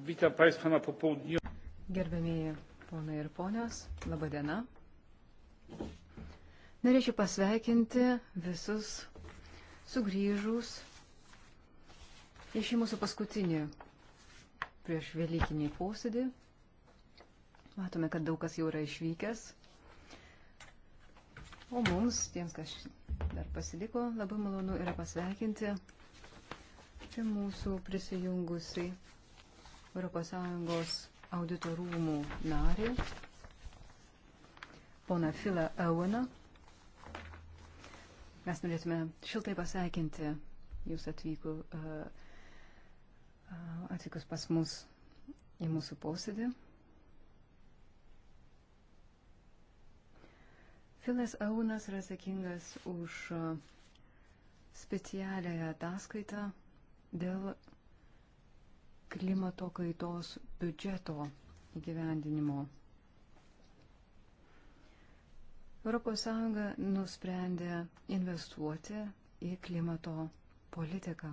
Witam Państwa na popołudniu. Gerbėmėjai ponai ir ponios, laba diena. Norėčiau pasveikinti visus sugrįžus į šį mūsų paskutinį prieš Velykinį posėdį. Matome, kad daug kas jau yra išvykęs. O mums, tiems, kas dar pasiliko, labai malonu yra pasveikinti visi mūsų prisijungusi ES auditorumų narį, pona Filą Ewaną. Mes norėtume šiltai pasveikinti jūs atvyku, atvykus pas mus į mūsų posėdį. Filas Aunas yra atsakingas už specialiąją ataskaitą dėl klimato kaitos biudžeto įgyvendinimo. ES nusprendė investuoti į klimato politiką.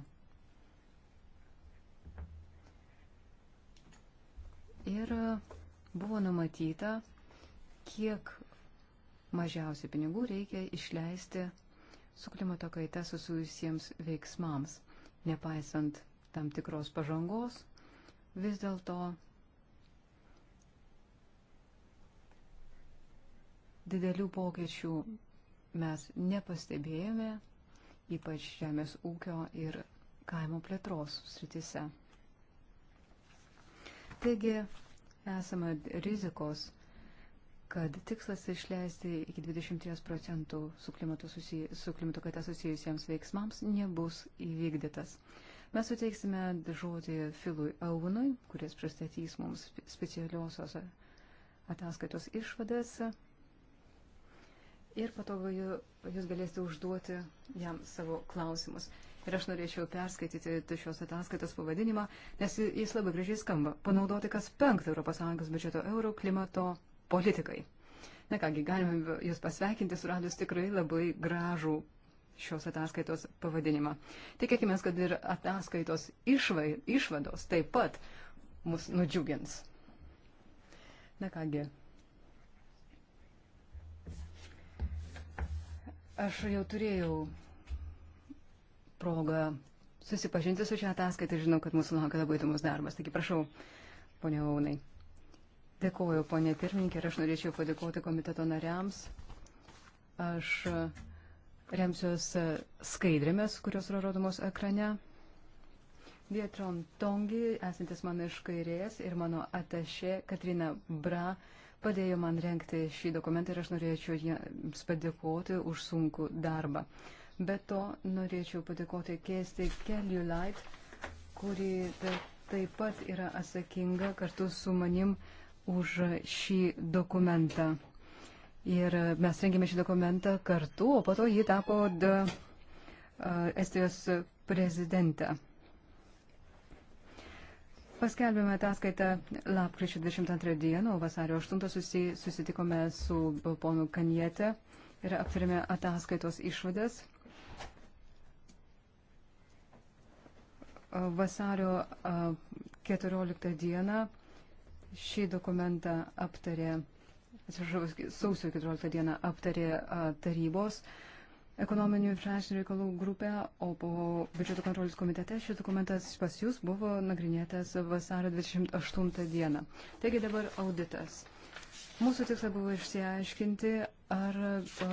Ir buvo numatyta, kiek mažiausiai pinigų reikia išleisti su klimato kaita susijusiems veiksmams nepaisant tam tikros pažangos, vis dėlto didelių pokyčių mes nepastebėjome, ypač žemės ūkio ir kaimo plėtros sritise. Taigi, esame rizikos, kad tikslas išleisti iki 20 procentų su klimato, susiję, su klimato kaita susijusiems veiksmams nebus įvykdytas. Mes suteiksime žodį Filui Aunui, kuris pristatys mums specialiosios ataskaitos išvadas. Ir patogu, jūs galėsite užduoti jam savo klausimus. Ir aš norėčiau perskaityti šios ataskaitos pavadinimą, nes jis labai gražiai skamba. Panaudoti kas penktą ES biudžeto eurų klimato politikai. Na kągi, galime Jūs pasveikinti suradus tikrai labai gražų šios ataskaitos pavadinimą. Tikėkime, kad ir ataskaitos išvai, išvados taip pat mus nudžiugins. Na kągi. Aš jau turėjau progą susipažinti su šią ataskaitą ir žinau, kad mūsų laukia labai įdomus darbas. Taigi prašau, ponia Aunai. Dėkuoju, ponė pirmininkė, ir aš norėčiau padėkoti komiteto nariams. Aš e, remsiuos e, skaidrėmis, kurios yra rodomos ekrane. Vietron Tongi, esantis mano iš kairės, ir mano atašė Katrina Bra padėjo man renkti šį dokumentą ir aš norėčiau jiems padėkoti už sunkų darbą. Be to norėčiau padėkoti Keisti Keliulait, kuri taip pat yra atsakinga kartu su manim už šį dokumentą. Ir mes rengėme šį dokumentą kartu, o po to jį tapo da, Estijos prezidentą. Paskelbėme ataskaitą lapkričio 22 dieną, o vasario 8 susi, susitikome su ponu Kanietė ir aptarėme ataskaitos išvadas. Vasario 14 dieną šį dokumentą aptarė, atsiprašau, sausio 14 dieną aptarė tarybos ekonominių ir finansinių reikalų grupė, o po biudžeto kontrolės komitete šis dokumentas pas jūs buvo nagrinėtas vasario 28 dieną. Taigi dabar auditas. Mūsų tikslas buvo išsiaiškinti, ar a,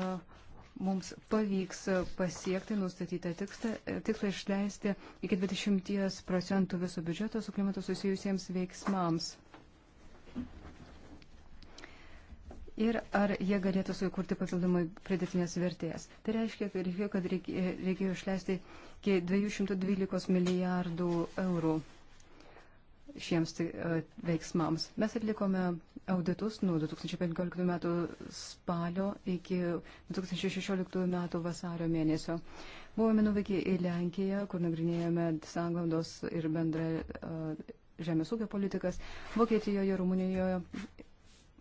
mums pavyks pasiekti nustatytą tikslą išleisti iki 20 procentų viso biudžeto su klimatu susijusiems veiksmams. ir ar jie galėtų sukurti papildomai pridėtinės vertės. Tai reiškia, kad reikėjo, kad e, reikėjo išleisti iki 212 milijardų eurų šiems tai, e, veiksmams. Mes atlikome auditus nuo 2015 metų spalio iki 2016 metų vasario mėnesio. Buvome nuvykę į Lenkiją, kur nagrinėjome sanglandos ir bendrą e, žemės ūkio politikas Vokietijoje, Rumunijoje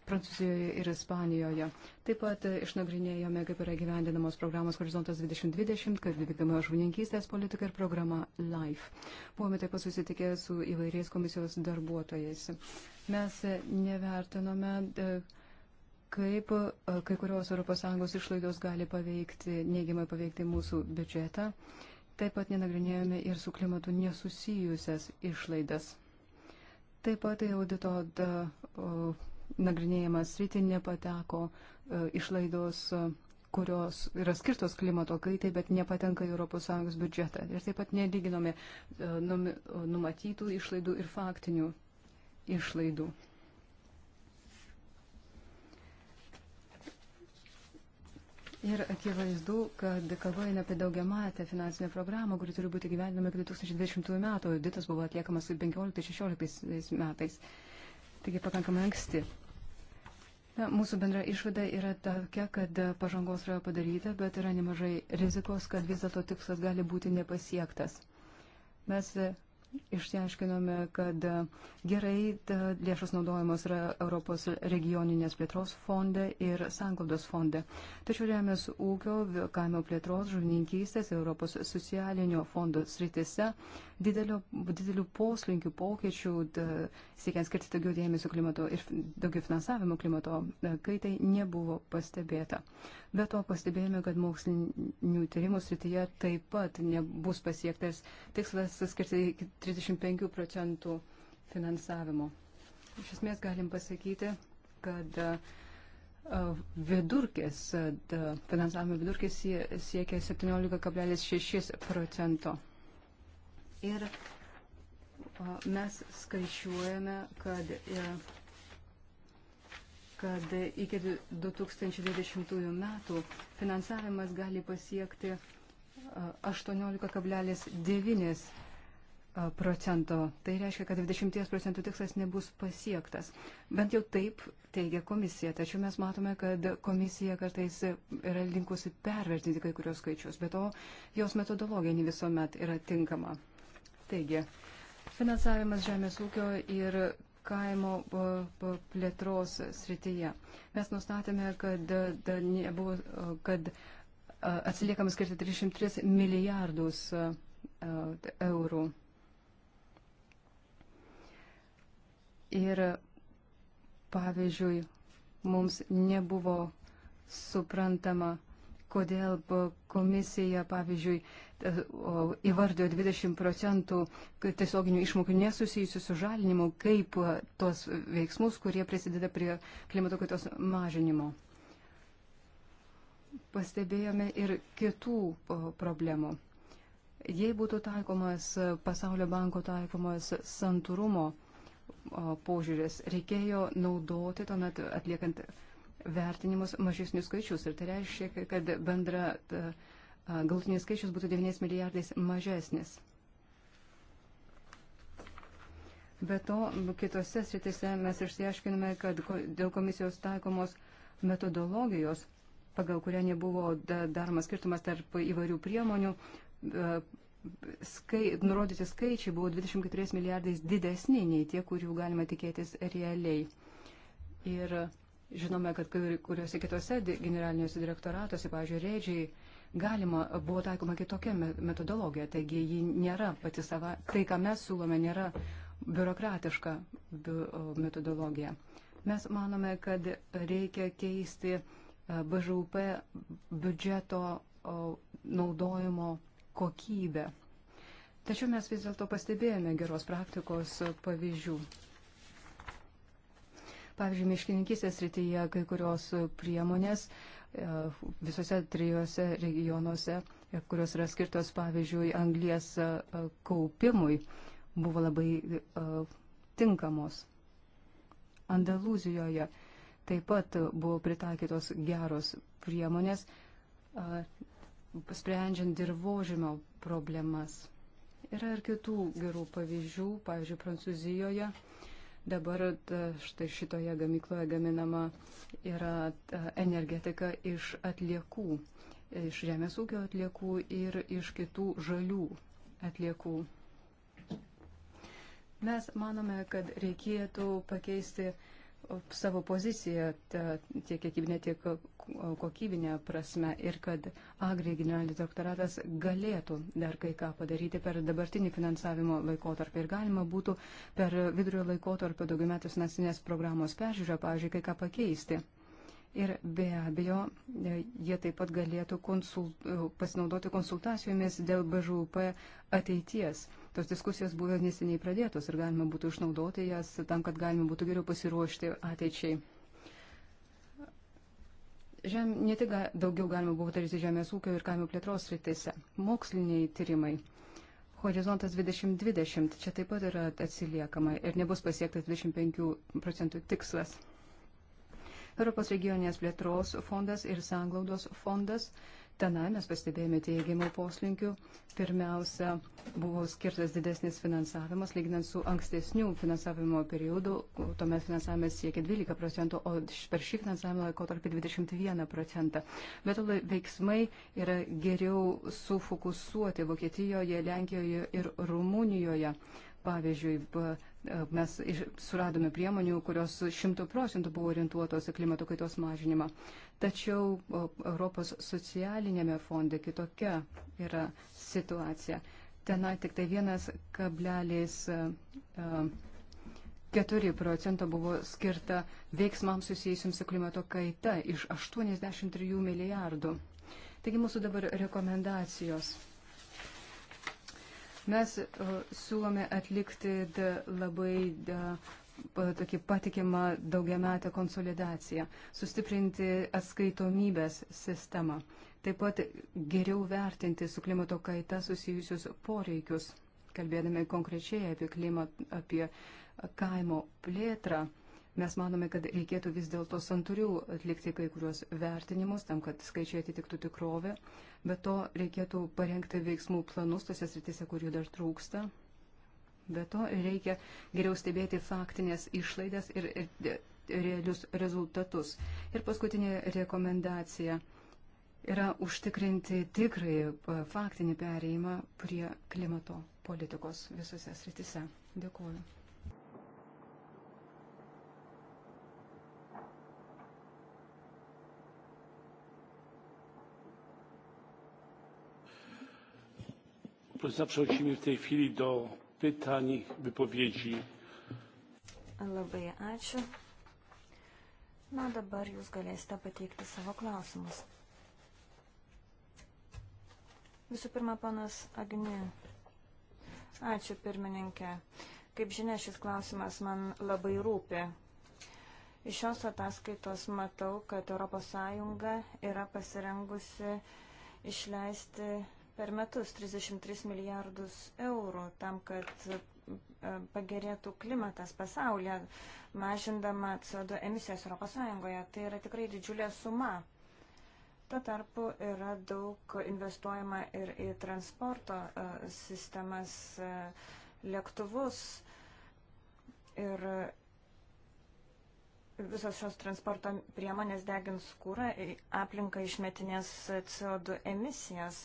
Prancūzijoje ir Ispanijoje. Taip pat išnagrinėjome, kaip yra gyvendinamos programos Horizontas 2020, kaip vykdama žuvininkystės politika ir programa LIFE. Buvome taip pat susitikę su įvairiais komisijos darbuotojais. Mes nevertinome, e, kaip e, kai kurios ES išlaidos gali paveikti, neigiamai paveikti mūsų biudžetą. Taip pat nenagrinėjome ir su klimatu nesusijusias išlaidas. Taip pat audito da, o, nagrinėjimą sritį nepateko e, išlaidos e, kurios yra skirtos klimato kaitai, bet nepatenka į ES biudžetą. Ir taip pat nelyginome e, numatytų išlaidų ir faktinių išlaidų. Ir akivaizdu, kad kalba eina apie daugiamatę finansinę programą, kuri turi būti gyvenama iki 2020 metų. Auditas buvo atliekamas 15-16 metais taigi pakankamai anksti. Na, mūsų bendra išvada yra tokia, kad pažangos yra padaryta, bet yra nemažai rizikos, kad vis dėlto tikslas gali būti nepasiektas. Mes Išsiaiškinome, kad e, gerai lėšos naudojamos yra Europos regioninės plėtros fonde ir sanglaudos fonde. Tačiau žemės ūkio, kaimo plėtros, žuvininkystės ir Europos socialinio fondo sritise didelio, didelių poslinkių pokyčių, siekiant skirti daugiau dėmesio klimato ir daugiau finansavimo klimato e, kaitai, nebuvo pastebėta. Be to pastebėjome, kad mokslinių tyrimų srityje taip pat nebus pasiektas tikslas skirti 35 procentų finansavimo. Iš esmės galim pasakyti, kad vidurkis, finansavimo vidurkis siekia 17,6 procento. Ir mes skaičiuojame, kad, e, kad iki 2020 metų finansavimas gali pasiekti 18,9 procento. Tai reiškia, kad 20 procentų tikslas nebus pasiektas. Bent jau taip teigia komisija. Tačiau mes matome, kad komisija kartais yra linkusi pervertinti kai kurios skaičius, bet to jos metodologija ne visuomet yra tinkama. Taigi, finansavimas žemės ūkio ir kaimo plėtros srityje. Mes nustatėme, kad, nebuvo, kad atsiliekam skirti 303 milijardus eurų. Ir pavyzdžiui, mums nebuvo suprantama, kodėl komisija, pavyzdžiui, e, įvardėjo 20 procentų tiesioginių išmokų nesusijusių su žalinimu, kaip e, tos veiksmus, kurie prisideda prie klimato kaitos mažinimo. Pastebėjome ir kitų problemų. Jei būtų taikomas e, pasaulio banko taikomas santūrumo požiūris. Reikėjo naudoti tuomet atliekant vertinimus mažesnius skaičius. Ir tai reiškia, kad bendra galutinis skaičius būtų 9 milijardais mažesnis. Be to, kitose sritise mes išsiaiškiname, kad dėl komisijos taikomos metodologijos, pagal kurią nebuvo daromas skirtumas tarp įvairių priemonių, skai, nurodyti skaičiai buvo 24 milijardais didesni nei tie, kurių galima tikėtis realiai. Ir žinome, kad kuriuose kitose generaliniuose direktoratuose, pavyzdžiui, rėdžiai, galima, buvo taikoma kitokia metodologija, taigi ji nėra pati sava, tai, ką mes siūlome, nėra biurokratiška metodologija. Mes manome, kad reikia keisti BŽUP biudžeto naudojimo kokybę. Tačiau mes vis dėlto pastebėjome geros praktikos pavyzdžių. Pavyzdžiui, miškininkysės rytyje kai kurios priemonės e, visose trijose regionuose, e, kurios yra skirtos, pavyzdžiui, anglies e, kaupimui, buvo labai tinkamos. Andalūzijoje taip pat buvo pritaikytos geros priemonės sprendžiant dirbožėmio problemas. Yra ir kitų gerų pavyzdžių, pavyzdžiui, Prancūzijoje. Dabar štai šitoje gamykloje gaminama yra energetika iš atliekų, iš žemės ūkio atliekų ir iš kitų žalių atliekų. Mes manome, kad reikėtų pakeisti uh, savo poziciją tiek kiekybinė, tiek kokybinė prasme ir kad Agri generalinis doktoratas galėtų dar kai ką padaryti per dabartinį finansavimo laikotarpį ir galima būtų per vidurio laikotarpio daugiametės nacinės programos peržiūrą, pavyzdžiui, kai ką pakeisti. Ir be abejo, jie taip pat galėtų konsult, pasinaudoti konsultacijomis dėl BŽUP ateities. Tos diskusijos buvo neseniai pradėtos ir galima būtų išnaudoti jas tam, kad galima būtų geriau pasiruošti ateičiai. Žem, ne tik daugiau galima buvo daryti žemės ūkio ir kaimo plėtros rytise. Moksliniai tyrimai. Horizontas 2020 čia taip pat yra atsiliekama ir nebus pasiektas 25 procentų tikslas. Europos regioninės plėtros fondas ir sanglaudos fondas uh, Tenai mes pastebėjome teigiamų poslinkių. Pirmiausia, buvo skirtas didesnis finansavimas, lyginant su ankstesnių finansavimo periodu. Tuomet finansavimas siekia 12 procentų, o per šį finansavimo laikotarpį 21 procentą. Bet to veiksmai yra geriau sufokusuoti Vokietijoje, Lenkijoje ir Rumunijoje. Pavyzdžiui, e, mes suradome priemonių, kurios šimtų procentų buvo orientuotos į klimato kaitos mažinimą. Tačiau Europos socialinėme fonde kitokia yra situacija. Tenai tik tai vienas kablelis. E, e, uh, 4 procento buvo skirta veiksmams susijusiams su klimato kaita iš 83 milijardų. Taigi mūsų dabar rekomendacijos. Mes uh, siūlome atlikti da, labai da, uh, tokį patikimą daugiametę konsolidaciją, sustiprinti atskaitomybės sistemą, taip pat geriau vertinti su klimato kaita susijusius poreikius, kalbėdami konkrečiai apie klimatą, apie kaimo plėtrą. Mes manome, kad reikėtų vis dėlto santurių atlikti kai kuriuos vertinimus, tam, kad skaičiai atitiktų tikrovę, bet to reikėtų parengti veiksmų planus tose sritise, kur jų dar trūksta. Be to reikia geriau stebėti faktinės išlaidas ir, ir, ir realius rezultatus. Ir paskutinė rekomendacija yra užtikrinti tikrai e, faktinį pereimą prie klimato politikos visose sritise. Dėkuoju. Przechodzimy w tej chwili do pytań, wypowiedzi. Labai ačiū. Na dabar jūs galėsite pateikti savo klausimus. Visų pirma, panas Agni. Ačiū, pirmininkė. Kaip žinia, šis klausimas man labai rūpi. Iš šios ataskaitos matau, kad ES yra pasirengusi išleisti per metus 33 milijardus eurų tam, kad e, pagerėtų klimatas pasaulyje, mažindama CO2 emisijas ES. Tai yra tikrai didžiulė suma. Tuo tarpu yra daug investuojama ir į transporto e, sistemas, e, lėktuvus ir visos šios transporto priemonės degins kūrą, aplinką išmetinės CO2 emisijas.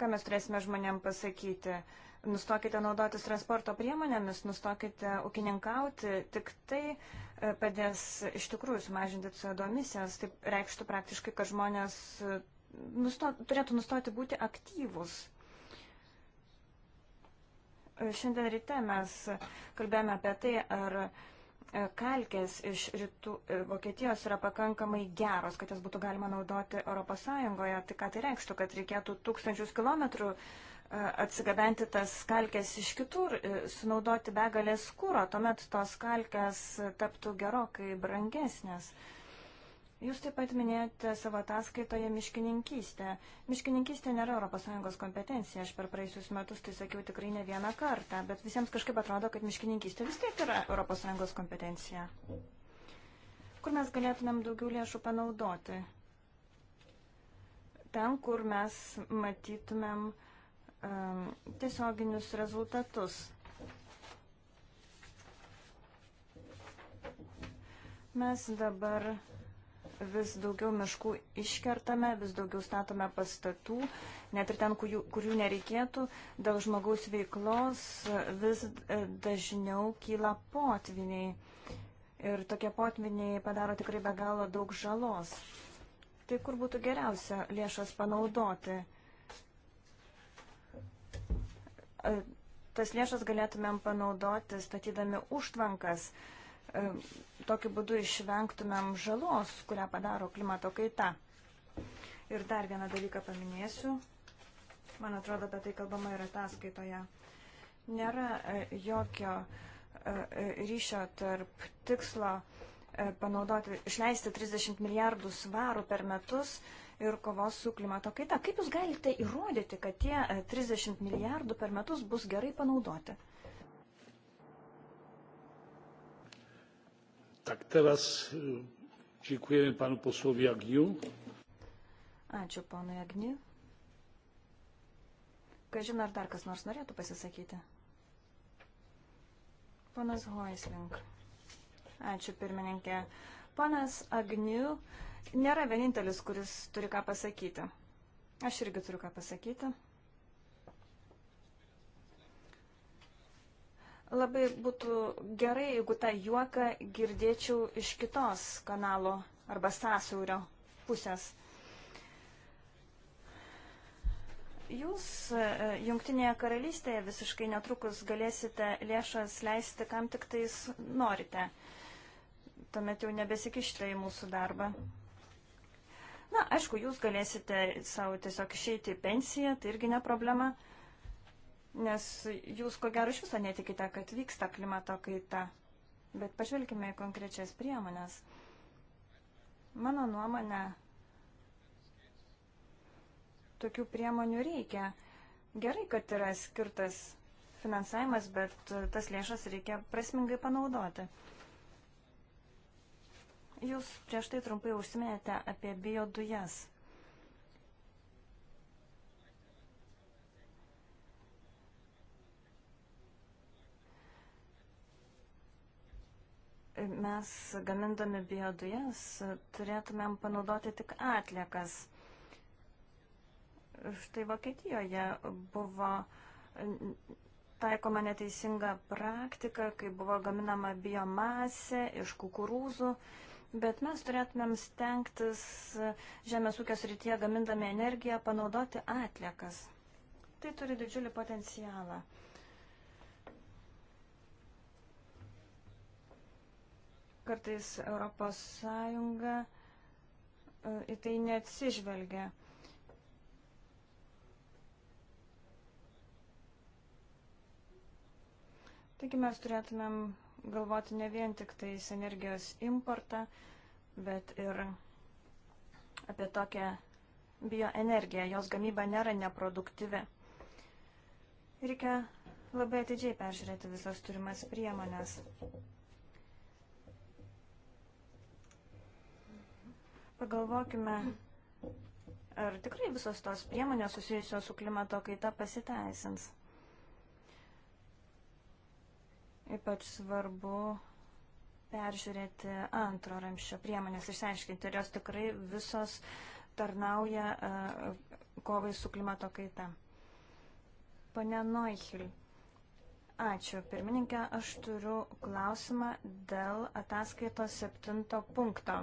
ką mes turėsime žmonėm pasakyti? Nustokite naudotis transporto priemonėmis, nustokite ūkininkauti, tik tai e, padės iš tikrųjų sumažinti CO2 emisijas. Tai reikštų praktiškai, kad žmonės e, nustot, turėtų nustoti būti aktyvus. E, šiandien ryte mes kalbėjome apie tai, ar E, kalkės iš rytų e, Vokietijos yra pakankamai geros, kad jas būtų galima naudoti ES, tai ką tai reikštų, kad reikėtų tūkstančius kilometrų e, atsigabenti tas kalkės iš kitur, sunaudoti begalės kūro, tuomet tos kalkės taptų gerokai brangesnės. Uh, Jūs taip pat minėjote savo ataskaitoje miškininkystę. Miškininkystė nėra ES kompetencija, aš per praeisius metus tai sakiau tikrai ne vieną kartą, bet visiems kažkaip atrodo, kad miškininkystė vis tiek yra ES kompetencija. Kur mes galėtumėm daugiau lėšų panaudoti? Ten, kur mes matytumėm um, tiesioginius rezultatus. Mes dabar vis daugiau miškų iškertame, vis daugiau statome pastatų, net ir ten, kurių, kurių nereikėtų, dėl žmogaus veiklos vis e, dažniau kyla potviniai. Ir tokie potviniai padaro tikrai be galo daug žalos. Tai kur būtų geriausia lėšas panaudoti? E, tas lėšas galėtumėm panaudoti statydami užtvankas, uh, E, tokiu būdu išvengtumėm žalos, kurią padaro klimato kaita. Ir dar vieną dalyką paminėsiu. Man atrodo, apie tai kalbama ir ataskaitoje. Nėra e, jokio e, ryšio tarp tikslo panaudoti, išleisti 30 milijardų svarų per metus ir kovos su klimato kaita. Kaip jūs galite įrodyti, kad tie 30 milijardų per metus bus gerai panaudoti? Tak, teraz dziękujemy panu posłowi Agniu. Ačiū ponui Agniu. Kažin ar dar kas nors norėtų pasisakyti? Ponas Hoisling. Ačiū pirmininkė. Ponas Agniu nėra vienintelis, kuris turi ką pasakyti. Aš irgi turiu ką pasakyti. Labai būtų gerai, jeigu tą juoką girdėčiau iš kitos kanalo arba sąsiaurio pusės. Jūs e, Junktinėje karalystėje visiškai netrukus galėsite lėšas leisti, kam tik tais norite. Tuomet jau nebesikišite į mūsų darbą. Na, aišku, jūs galėsite savo tiesiog išeiti į pensiją, tai irgi ne problema. Uh, nes jūs ko gero iš viso netikite, kad vyksta klimato kaita. Bet pažvelkime į konkrečias priemonės. Mano nuomonė, tokių priemonių reikia. Gerai, kad yra skirtas finansavimas, bet tas lėšas reikia prasmingai panaudoti. Jūs prieš tai trumpai užsiminėte apie biodujas. dujas. mes gamindami biodujas turėtumėm panaudoti tik atliekas. Štai Vokietijoje buvo taikoma neteisinga praktika, kai buvo gaminama biomasė iš kukurūzų, bet mes turėtumėm stengtis žemės ūkio srityje gamindami energiją panaudoti atliekas. Tai turi didžiulį potencialą. Kartais ES e, į tai neatsižvelgia. Taigi mes turėtumėm galvoti ne vien tik tais energijos importą, bet ir apie tokią bioenergiją. Jos gamyba nėra neproduktyvi. Reikia labai atidžiai peržiūrėti visas turimas priemonės. Pagalvokime, ar tikrai visos tos priemonės susijusios su klimato kaita pasiteisins. Ypač svarbu peržiūrėti antro ramščio priemonės, išsiaiškinti, ar jos tikrai visos tarnauja e, kovai su klimato kaita. Pane Noichil, ačiū. Pirmininkė, aš turiu klausimą dėl ataskaitos septinto punkto.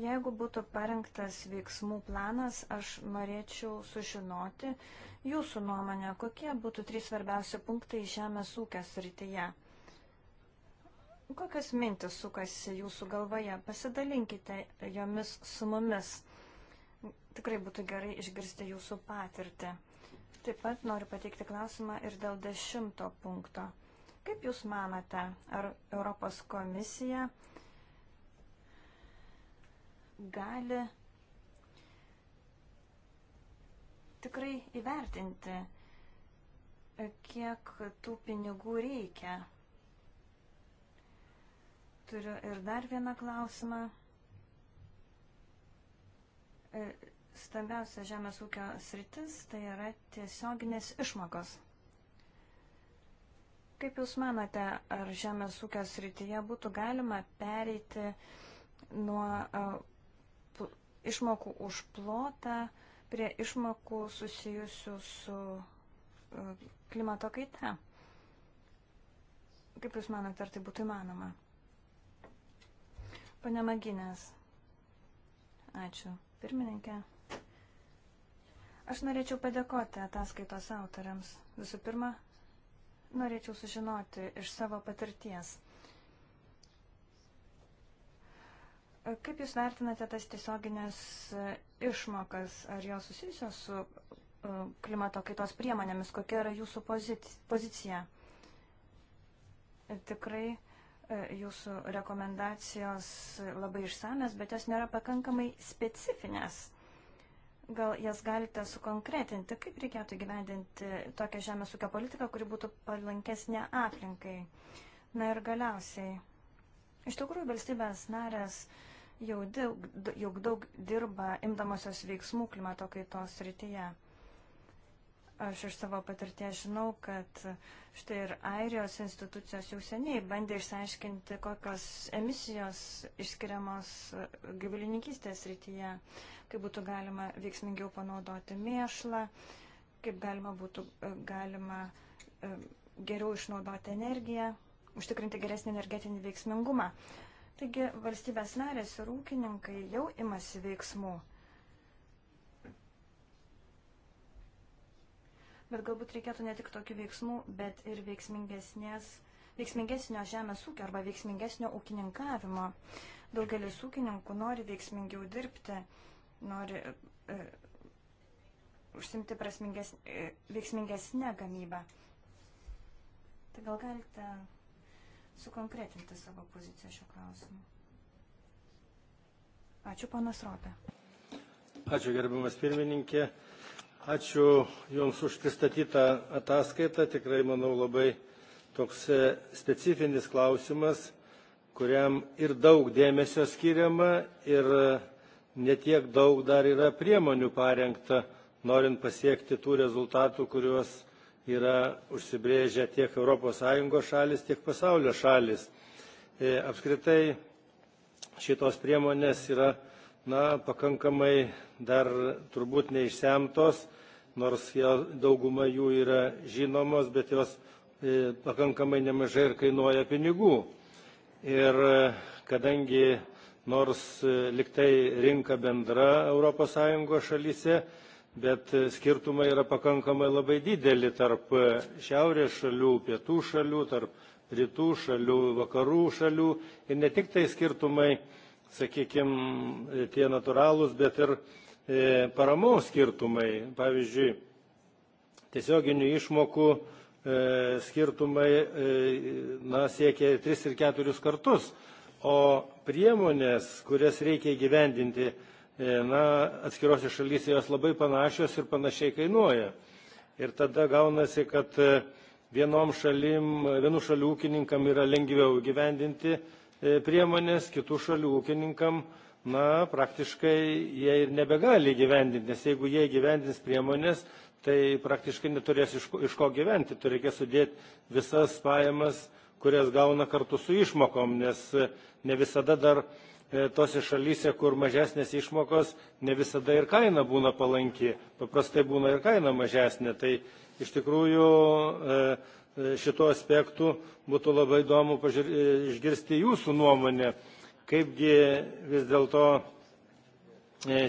Jeigu būtų parengtas veiksmų planas, aš norėčiau sužinoti jūsų nuomonę, kokie būtų trys svarbiausi punktai žemės ūkio srityje. Kokios mintis sukasi jūsų galvoje? Pasidalinkite jomis su mumis. Tikrai būtų gerai išgirsti jūsų patirtį. Taip pat noriu pateikti klausimą ir dėl dešimto punkto. Kaip Jūs manate, ar Europos komisija gali tikrai įvertinti, kiek tų pinigų reikia. Turiu ir dar vieną klausimą. E, stambiausia žemės ūkio sritis tai yra tiesioginės išmokos. Kaip Jūs manote, ar žemės ūkio srityje būtų galima pereiti nuo e, išmokų už plotą prie išmokų susijusių su e, klimato kaita. Kaip Jūs manote, ar tai būtų įmanoma? Pane Maginės. Ačiū. Pirmininkė. Aš norėčiau padėkoti ataskaitos autoriams. Visų pirma, norėčiau sužinoti iš savo patirties – Kaip Jūs vertinate tas tiesioginės e, išmokas, ar jos susijusios su e, klimato kaitos priemonėmis, kokia yra Jūsų pozicija? Tikrai e, Jūsų rekomendacijos labai išsamės, bet jos nėra pakankamai specifinės. Gal jas galite sukonkretinti, kaip reikėtų gyvendinti tokią žemės ūkio politiką, kuri būtų palankesnė aplinkai. Na ir galiausiai, iš tikrųjų valstybės narės uh, jau daug, jau daug dirba imdamosios veiksmų klimato kaitos rytyje. Aš iš savo patirties žinau, kad štai ir Airijos institucijos jau seniai bandė išsiaiškinti, kokios emisijos išskiriamos gyvulininkystės rytyje, kaip būtų galima veiksmingiau panaudoti mėšlą, kaip galima būtų e, galima e, geriau išnaudoti energiją, užtikrinti geresnį energetinį veiksmingumą. Taigi valstybės narės ir ūkininkai jau imasi veiksmų. Bet galbūt reikėtų ne tik tokių veiksmų, bet ir veiksmingesnio žemės ūkio arba veiksmingesnio ūkininkavimo. Daugelis ūkininkų nori veiksmingiau dirbti, nori e, užsimti prasminges, e, veiksmingesnę gamybą. Tai gal galite sukonkretinti savo poziciją šiuo klausimu. Ačiū, panas Ropė. Ačiū, gerbimas pirmininkė. Ačiū Jums už pristatytą ataskaitą. Tikrai, manau, labai toks e, specifinis klausimas, kuriam ir daug dėmesio skiriama ir e, netiek daug dar yra priemonių parengta, norint pasiekti tų rezultatų, kuriuos yra užsibrėžę tiek ES šalis, tiek pasaulio šalis. E, apskritai šitos priemonės yra na, pakankamai dar turbūt neišsemtos, nors dauguma jų yra žinomos, bet jos e, pakankamai nemažai ir kainuoja pinigų. Ir e, kadangi nors liktai rinka bendra ES šalyse, bet e, skirtumai yra pakankamai labai dideli tarp e, šiaurės šalių pietų šalių tarp rytų šalių vakarų šalių ir ne tik tai skirtumai sakykime tie natūralūs bet ir e, paramos skirtumai pavyzdžiui tiesioginių išmokų skirtumai na siekia tris ir keturis kartus o priemonės kurias reikia įgyvendinti E, na, atskirose šalyse jos labai panašios ir panašiai kainuoja. Ir tada gaunasi, kad e, vienom šalim, vienų šalių ūkininkam yra lengviau gyvendinti e, priemonės, kitų šalių ūkininkam, na, praktiškai jie ir nebegali gyvendinti, nes jeigu jie gyvendins priemonės, tai praktiškai neturės iš, iš ko gyventi, turi reikės sudėti visas pajamas, kurias gauna kartu su išmokom, nes ne visada dar E, tose šalyse, kur mažesnės išmokos, ne visada ir kaina būna palanki, paprastai būna ir kaina mažesnė. Tai iš tikrųjų e, e, šituo aspektu būtų labai įdomu pažiūr... išgirsti jūsų nuomonę, kaipgi vis dėlto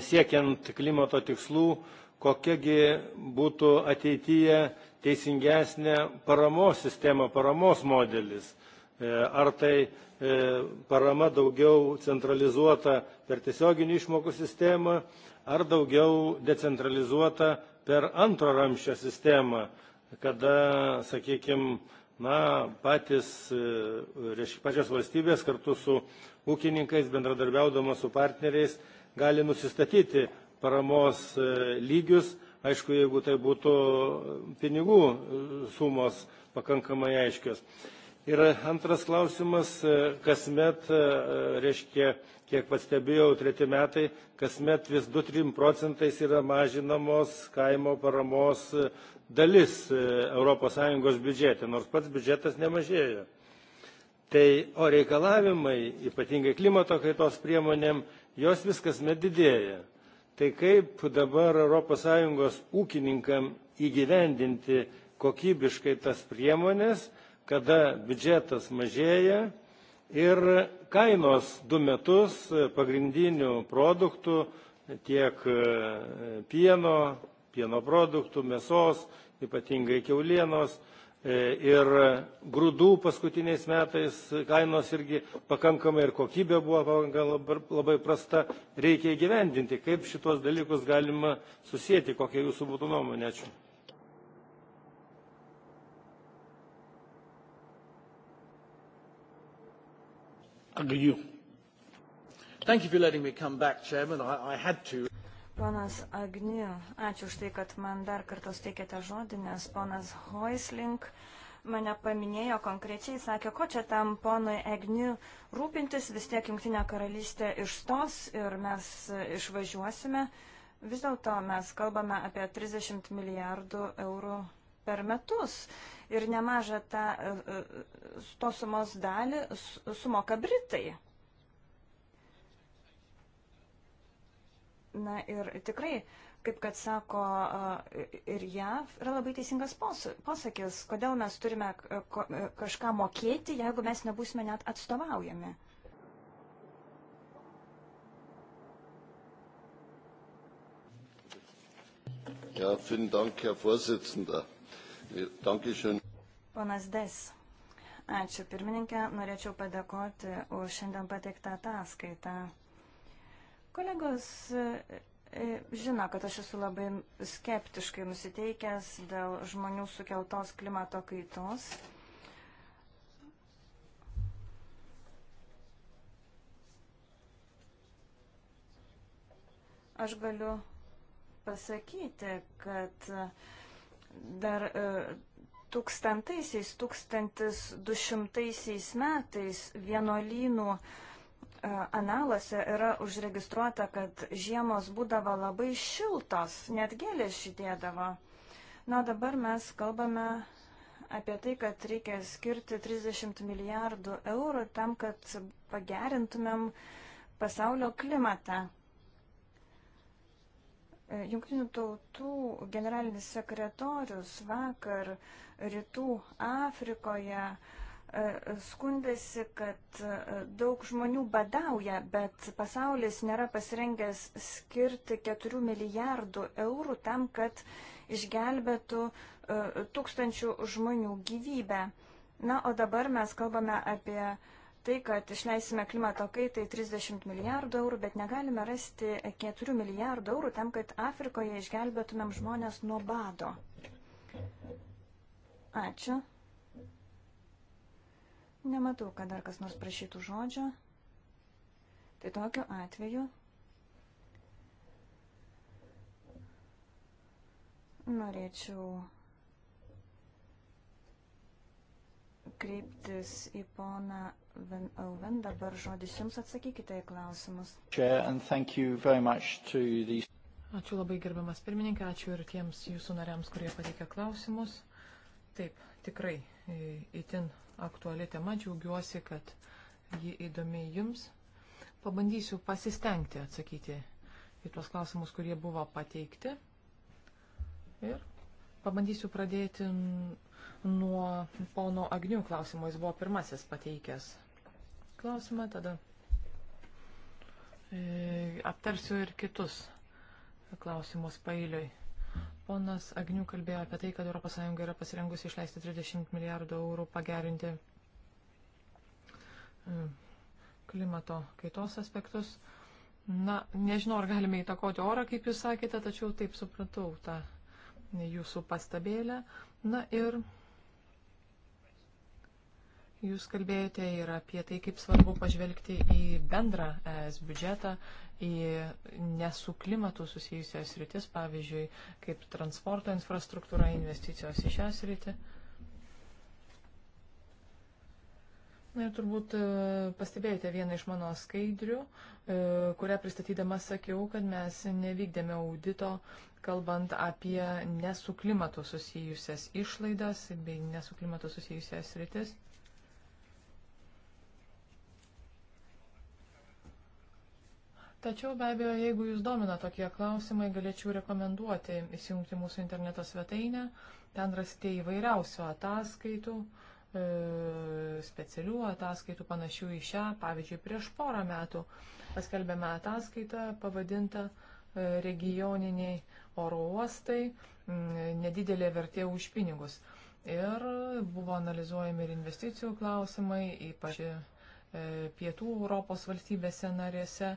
siekiant klimato tikslų, kokiagi būtų ateityje teisingesnė paramos sistema, paramos modelis. Ar tai E, parama daugiau centralizuota per tiesioginių išmokų sistemą ar daugiau decentralizuota per antro ramščio sistemą kada sakykime na patys e, pačios valstybės kartu su ūkininkais bendradarbiaudamos su partneriais gali nusistatyti paramos e, lygius aišku jeigu tai būtų pinigų sumos pakankamai aiškios Ir antras klausimas, e, kasmet, e, e, reiškia, kiek pastebėjau, treti metai, kasmet vis 2-3 procentais yra mažinamos kaimo paramos dalis ES biudžete, nors pats biudžetas nemažėjo. Tai, o reikalavimai, ypatingai klimato kaitos priemonėm, jos viskas nedidėja. Tai kaip dabar ES ūkininkam įgyvendinti kokybiškai tas priemonės kada biudžetas mažėja ir kainos du metus pagrindinių produktų tiek e, pieno, pieno produktų, mėsos, ypatingai keulienos e, ir grūdų paskutiniais metais kainos irgi pakankamai ir kokybė buvo labai prasta. Reikia įgyvendinti, kaip šitos dalykus galima susijęti, kokia jūsų būtų nuomonė. Ačiū. Agniu. Thank you for letting me come back, Chairman. I, I had to. Ponas Agniu, ačiū už tai, kad man dar kartą suteikėte žodį, nes ponas Hoisling mane paminėjo konkrečiai, sakė, ko čia tam ponui Agniu rūpintis, vis tiek Junktinė karalystė išstos ir mes išvažiuosime. Vis dėlto mes kalbame apie 30 milijardų eurų per metus. Ir nemažą tą, e, e, tos sumos dalį sumoka Britai. Na ir tikrai, kaip kad sako e, ir JAV, yra labai teisingas posakis, kodėl mes turime kažką mokėti, jeigu mes nebūsime net atstovaujami. Ja, vielen Dank, Herr Vorsitzender. Ponas Des. Ačiū pirmininkė, norėčiau padėkoti už šiandien pateiktą ataskaitą. Kolegos e, žino, kad aš esu labai skeptiškai nusiteikęs dėl žmonių sukeltos klimato kaitos. Aš galiu pasakyti, kad uh, dar e, tūkstantaisiais, tūkstantis du šimtaisiais metais vienuolynų e, analuose yra užregistruota, kad žiemos būdavo labai šiltos, net gėlės šitėdavo. Na, dabar mes kalbame apie tai, kad reikia skirti 30 milijardų eurų tam, kad pagerintumėm pasaulio klimatą. E, Junktinių tautų generalinis sekretorius vakar rytų Afrikoje e, skundėsi, kad e, daug žmonių badauja, bet pasaulis nėra pasirengęs skirti 4 milijardų eurų tam, kad išgelbėtų tūkstančių žmonių gyvybę. Na, o dabar mes kalbame apie tai, kad išleisime klimato kaitai 30 milijardų eurų, bet negalime rasti 4 milijardų eurų tam, kad Afrikoje išgelbėtumėm žmonės nuo bado. Ačiū. Nematau, kad dar kas nors prašytų žodžio. Tai tokiu atveju norėčiau kreiptis į poną Owen, dabar žodis Jums atsakykite į klausimus. Ačiū labai gerbiamas pirmininkė, ačiū ir tiems Jūsų nariams, kurie pateikė klausimus. Taip, tikrai įtin e, aktuali tema, džiaugiuosi, kad ji įdomi Jums. Pabandysiu pasistengti atsakyti į tuos klausimus, kurie buvo pateikti. Ir pabandysiu pradėti nuo pono Agnių klausimo. Jis buvo pirmasis pateikęs klausimą, tada e, aptarsiu ir kitus klausimus pailiui. Ponas Agnių kalbėjo apie tai, kad ES yra pasirengusi išleisti 30 milijardų eurų pagerinti e, klimato kaitos aspektus. Na, nežinau, ar galime įtakoti orą, kaip jūs sakėte, tačiau taip supratau tą jūsų pastabėlę. Na ir Jūs kalbėjote ir apie tai, kaip svarbu pažvelgti į bendrą ES biudžetą, į nesų klimatų susijusias rytis, pavyzdžiui, kaip transporto infrastruktūra, investicijos į šią sritį. Na ir turbūt e, pastebėjote vieną iš mano skaidrių, e, kurią pristatydama sakiau, kad mes nevykdėme audito, kalbant apie nesų klimatų susijusias išlaidas bei nesų klimatų susijusias rytis. Tačiau be abejo, jeigu jūs domina tokie klausimai, galėčiau rekomenduoti įsijungti mūsų interneto svetainę. Ten rasite įvairiausių ataskaitų, e, specialių ataskaitų panašių į šią. Pavyzdžiui, prieš porą metų paskelbėme ataskaitą pavadintą e, regioniniai oro uostai, nedidelė vertė už pinigus. Ir buvo analizuojami ir investicijų klausimai, ypač e, pietų Europos valstybėse narėse.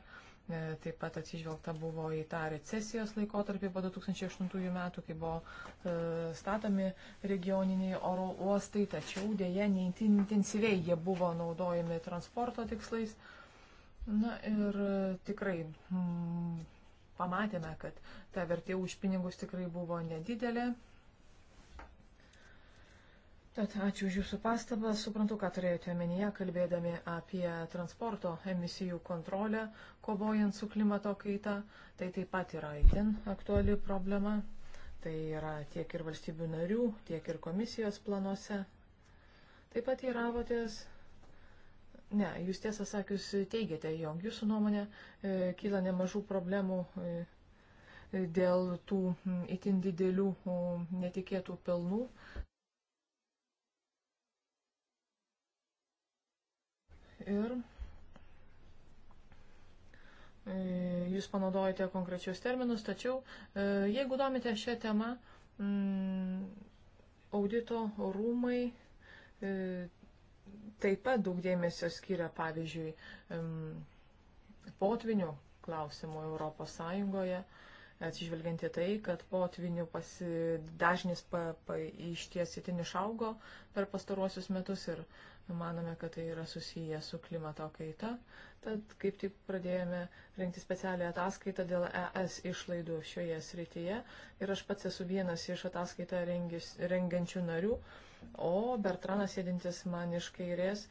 E, taip pat atsižvelgta buvo į tą recesijos laikotarpį po 2008 metų, kai buvo e, statomi regioniniai oro uostai, tačiau dėje neintensyviai jie buvo naudojami transporto tikslais. Na ir e, tikrai mm, pamatėme, kad ta vertė už pinigus tikrai buvo nedidelė. Tad ačiū už Jūsų pastabą. Suprantu, ką turėjote omenyje, kalbėdami apie transporto emisijų kontrolę, kovojant su klimato kaita. Tai taip pat yra itin aktuali problema. Tai yra tiek ir valstybių narių, tiek ir komisijos planuose. Taip pat įravotės. Ne, jūs tiesą sakius teigiate, jog jūsų nuomonė e, kyla nemažų problemų e, dėl tų itin didelių o, netikėtų pelnų. E, ir e, jūs panaudojate konkrečius terminus, tačiau e, jeigu domite šią temą, mm, audito rūmai e, taip pat daug dėmesio skiria, pavyzdžiui, potvinių klausimų Europos Sąjungoje, atsižvelgianti tai, kad potvinių dažnis pa, pa, iš ties itin išaugo per pastaruosius metus ir manome, kad tai yra susiję su klimato kaita. Tad kaip tik pradėjome rinkti specialią ataskaitą dėl ES išlaidų šioje srityje ir aš pats esu vienas iš ataskaitą rengis, rengiančių narių, o Bertranas sėdintis man iš kairės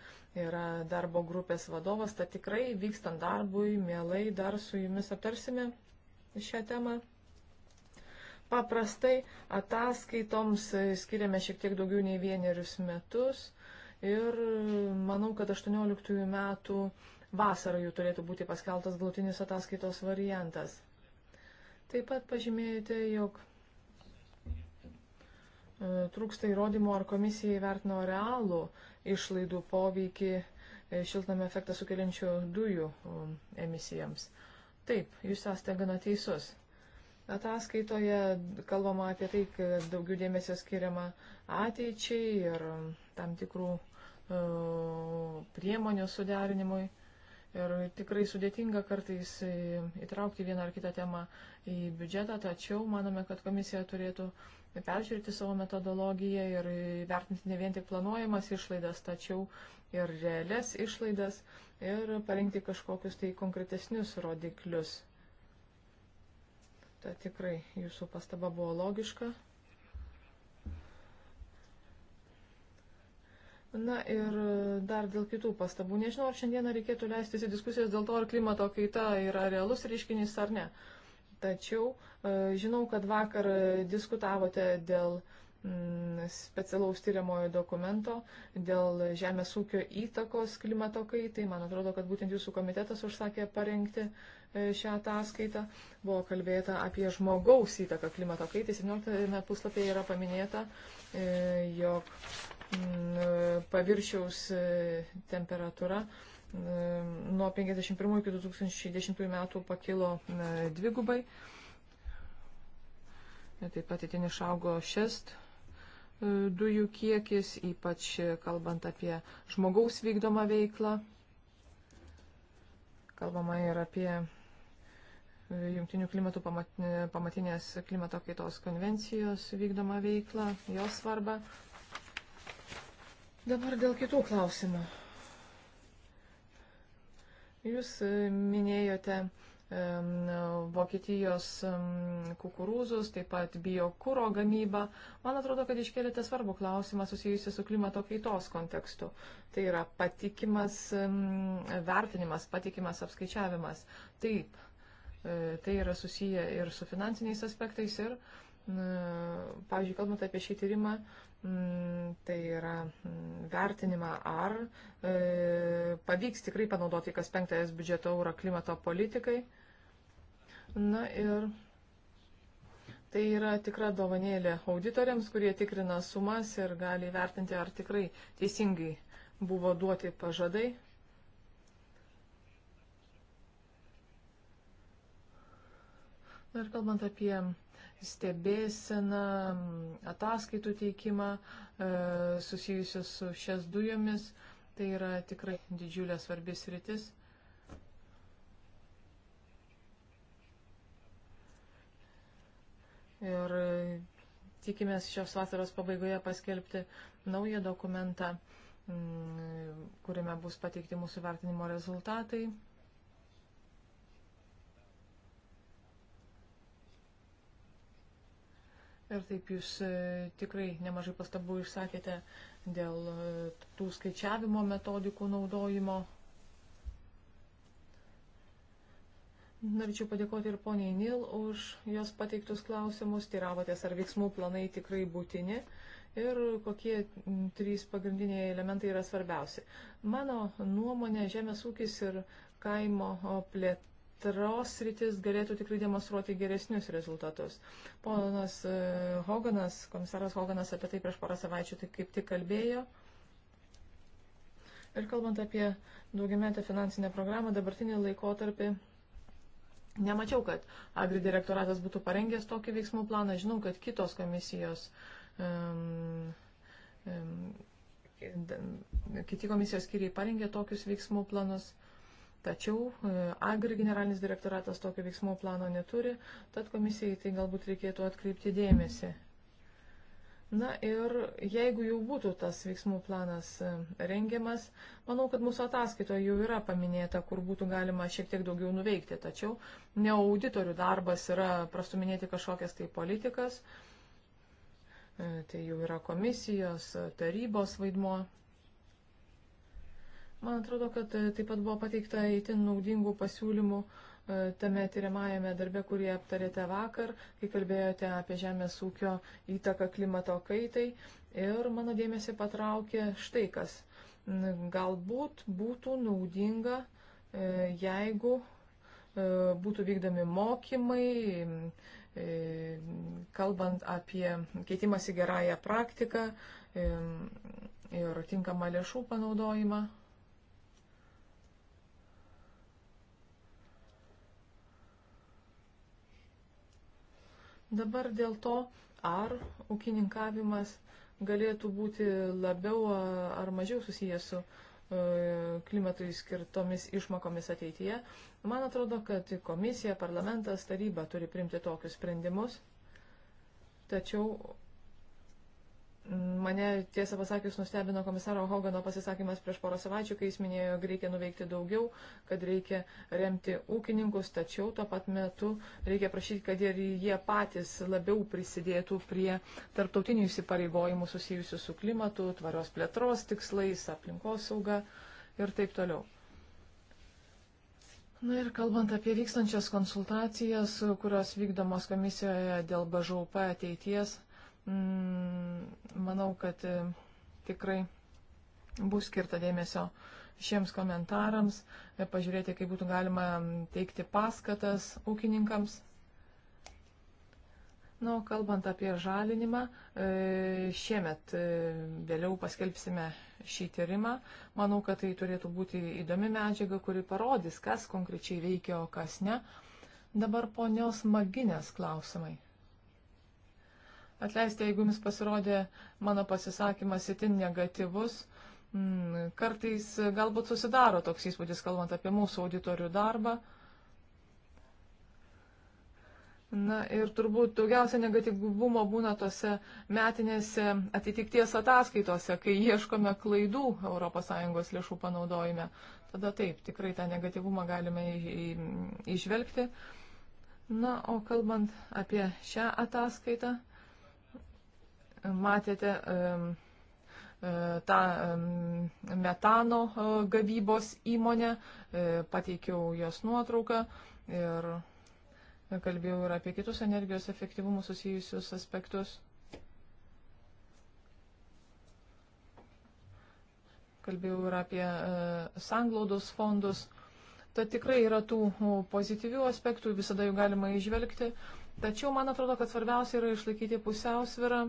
yra darbo grupės vadovas, tad tikrai vykstant darbui, mielai dar su jumis aptarsime šią temą paprastai ataskaitoms skiriame šiek tiek daugiau nei vienerius metus ir e, manau, kad 18 metų vasarą jų turėtų būti paskeltas galutinis ataskaitos variantas. Taip pat pažymėjote, jog e, trūksta įrodymų, ar komisija įvertino realų išlaidų poveikį e, šiltnamio efektą sukeliančių dujų emisijams. Taip, jūs esate gana teisus. Ataskaitoje kalbama apie tai, kad daugiau dėmesio skiriama ateičiai ir tam tikrų E, priemonių suderinimui. Ir tikrai sudėtinga kartais įtraukti vieną ar kitą temą į biudžetą, tačiau manome, kad komisija turėtų peržiūrėti savo metodologiją ir vertinti ne vien tik planuojamas išlaidas, tačiau ir realias išlaidas ir parinkti kažkokius tai konkretesnius rodiklius. Ta tikrai jūsų pastaba buvo logiška. Na ir e, dar dėl kitų pastabų. Nežinau, ar šiandieną reikėtų leistis į diskusijas dėl to, ar klimato kaita yra realus reiškinys ar ne. Tačiau e, žinau, kad vakar diskutavote dėl mm, specialaus tyriamojo dokumento dėl žemės ūkio įtakos klimato kaitai. Man atrodo, kad būtent jūsų komitetas užsakė parengti e, šią ataskaitą. Buvo kalbėta apie žmogaus įtaką klimato kaitai. 17 puslapyje yra paminėta, jog paviršiaus e, temperatūra e, nuo 51 iki 2010 metų pakilo e, dvigubai. Taip pat itin išaugo šest dujų kiekis, ypač kalbant apie žmogaus vykdomą veiklą. Kalbama ir apie Junktinių klimatų pamatinės klimato kaitos konvencijos vykdomą veiklą, jos svarbą. Dabar dėl kitų klausimų. Jūs e, minėjote Vokietijos kukurūzus, taip pat biokūro gamybą. Man atrodo, kad iškėlėte svarbų klausimą susijusi su klimato kaitos kontekstu. Tai yra patikimas vertinimas, patikimas apskaičiavimas. Taip, e, tai yra susiję ir su finansiniais aspektais, ir, e, pavyzdžiui, kalbant apie šį tyrimą, Mm, tai yra mm, vertinimą, ar e, pavyks tikrai panaudoti kas penktąjas biudžeto eurą klimato politikai. Na ir tai yra tikra dovanėlė auditoriams, kurie tikrina sumas ir gali vertinti, ar tikrai teisingai buvo duoti pažadai. Na ir kalbant apie stebėseną, ataskaitų teikimą e, susijusius su šias dujomis. Tai yra tikrai didžiulė svarbis rytis. Ir tikimės šios vasaros pabaigoje paskelbti naują dokumentą, kuriame bus pateikti mūsų vertinimo rezultatai. Ir taip jūs e, tikrai nemažai pastabų išsakėte dėl e, tų skaičiavimo metodikų naudojimo. Norėčiau padėkoti ir poniai Nil už jos pateiktus klausimus. Tiravotės, ar veiksmų planai tikrai būtini ir kokie trys pagrindiniai elementai yra svarbiausi. Mano nuomonė, žemės ūkis ir kaimo plėtra plėtros rytis galėtų tikrai demonstruoti geresnius rezultatus. Ponas e, Hoganas, komisaras Hoganas apie tai prieš porą savaičių tai kaip tik kalbėjo. Ir kalbant apie daugiametę finansinę programą, dabartinį laikotarpį nemačiau, kad Agri direktoratas būtų parengęs tokį veiksmų planą. Žinau, kad kitos komisijos. Um, um, kiti komisijos skyriai parengė tokius veiksmų planus. Tačiau e, Agri generalinis direktoratas tokio veiksmų plano neturi, tad komisijai tai galbūt reikėtų atkreipti dėmesį. Na ir jeigu jau būtų tas veiksmų planas e, rengiamas, manau, kad mūsų ataskaitoje jau yra paminėta, kur būtų galima šiek tiek daugiau nuveikti. Tačiau ne auditorių darbas yra prastuminėti kažkokias tai politikas, e, tai jau yra komisijos, tarybos vaidmo Man atrodo, kad e, taip pat buvo pateikta įtin naudingų pasiūlymų e, tame tyriamajame darbe, kurį aptarėte vakar, kai kalbėjote apie žemės ūkio įtaką klimato kaitai. Ir mano dėmesį patraukė štai kas. Galbūt būtų naudinga, e, jeigu būtų vykdomi mokymai, kalbant apie keitimąsi gerąją praktiką ir tinkamą lėšų panaudojimą. Dabar dėl to, ar ūkininkavimas galėtų būti labiau ar mažiau susijęs su e, klimatui skirtomis išmokomis ateityje. Man atrodo, kad komisija, parlamentas, taryba turi primti tokius sprendimus, tačiau Mane, tiesą pasakius, nustebino komisaro Hogano pasisakymas prieš porą savaičių, kai jis minėjo, kad reikia nuveikti daugiau, kad reikia remti ūkininkus, tačiau tuo pat metu reikia prašyti, kad ir jie patys labiau prisidėtų prie tarptautinių įsipareigojimų susijusių su klimatu, tvarios plėtros tikslais, aplinkosauga ir taip toliau. Na ir kalbant apie vykstančias konsultacijas, kurios vykdomos komisijoje dėl BŽUP ateities, Mm, manau, kad e, tikrai bus skirta dėmesio šiems komentarams, e, pažiūrėti, kaip būtų galima teikti paskatas ūkininkams. Na, nu, kalbant apie žalinimą, e, šiemet vėliau paskelbsime šį tyrimą. Manau, kad tai turėtų būti įdomi medžiaga, kuri parodys, kas konkrečiai veikia, o kas ne. Dabar ponios maginės klausimai. Atleisti, jeigu jums pasirodė mano pasisakymas itin negatyvus. Mm, kartais galbūt susidaro toks įspūdis, kalbant apie mūsų auditorių darbą. Na ir turbūt daugiausia negatyvumo būna tose metinėse atitikties ataskaitose, kai ieškome klaidų ES lėšų panaudojime. Tada taip, tikrai tą negatyvumą galime išvelgti. Na, o kalbant apie šią ataskaitą, matėte e, tą metano e, gavybos įmonę, e, pateikiau jos nuotrauką ir kalbėjau ir apie kitus energijos efektyvumų susijusius aspektus. Kalbėjau ir apie sanglaudos fondus. Tad tikrai yra tų pozityvių aspektų, visada jų galima išvelgti. Tačiau man atrodo, kad svarbiausia yra išlaikyti pusiausvirą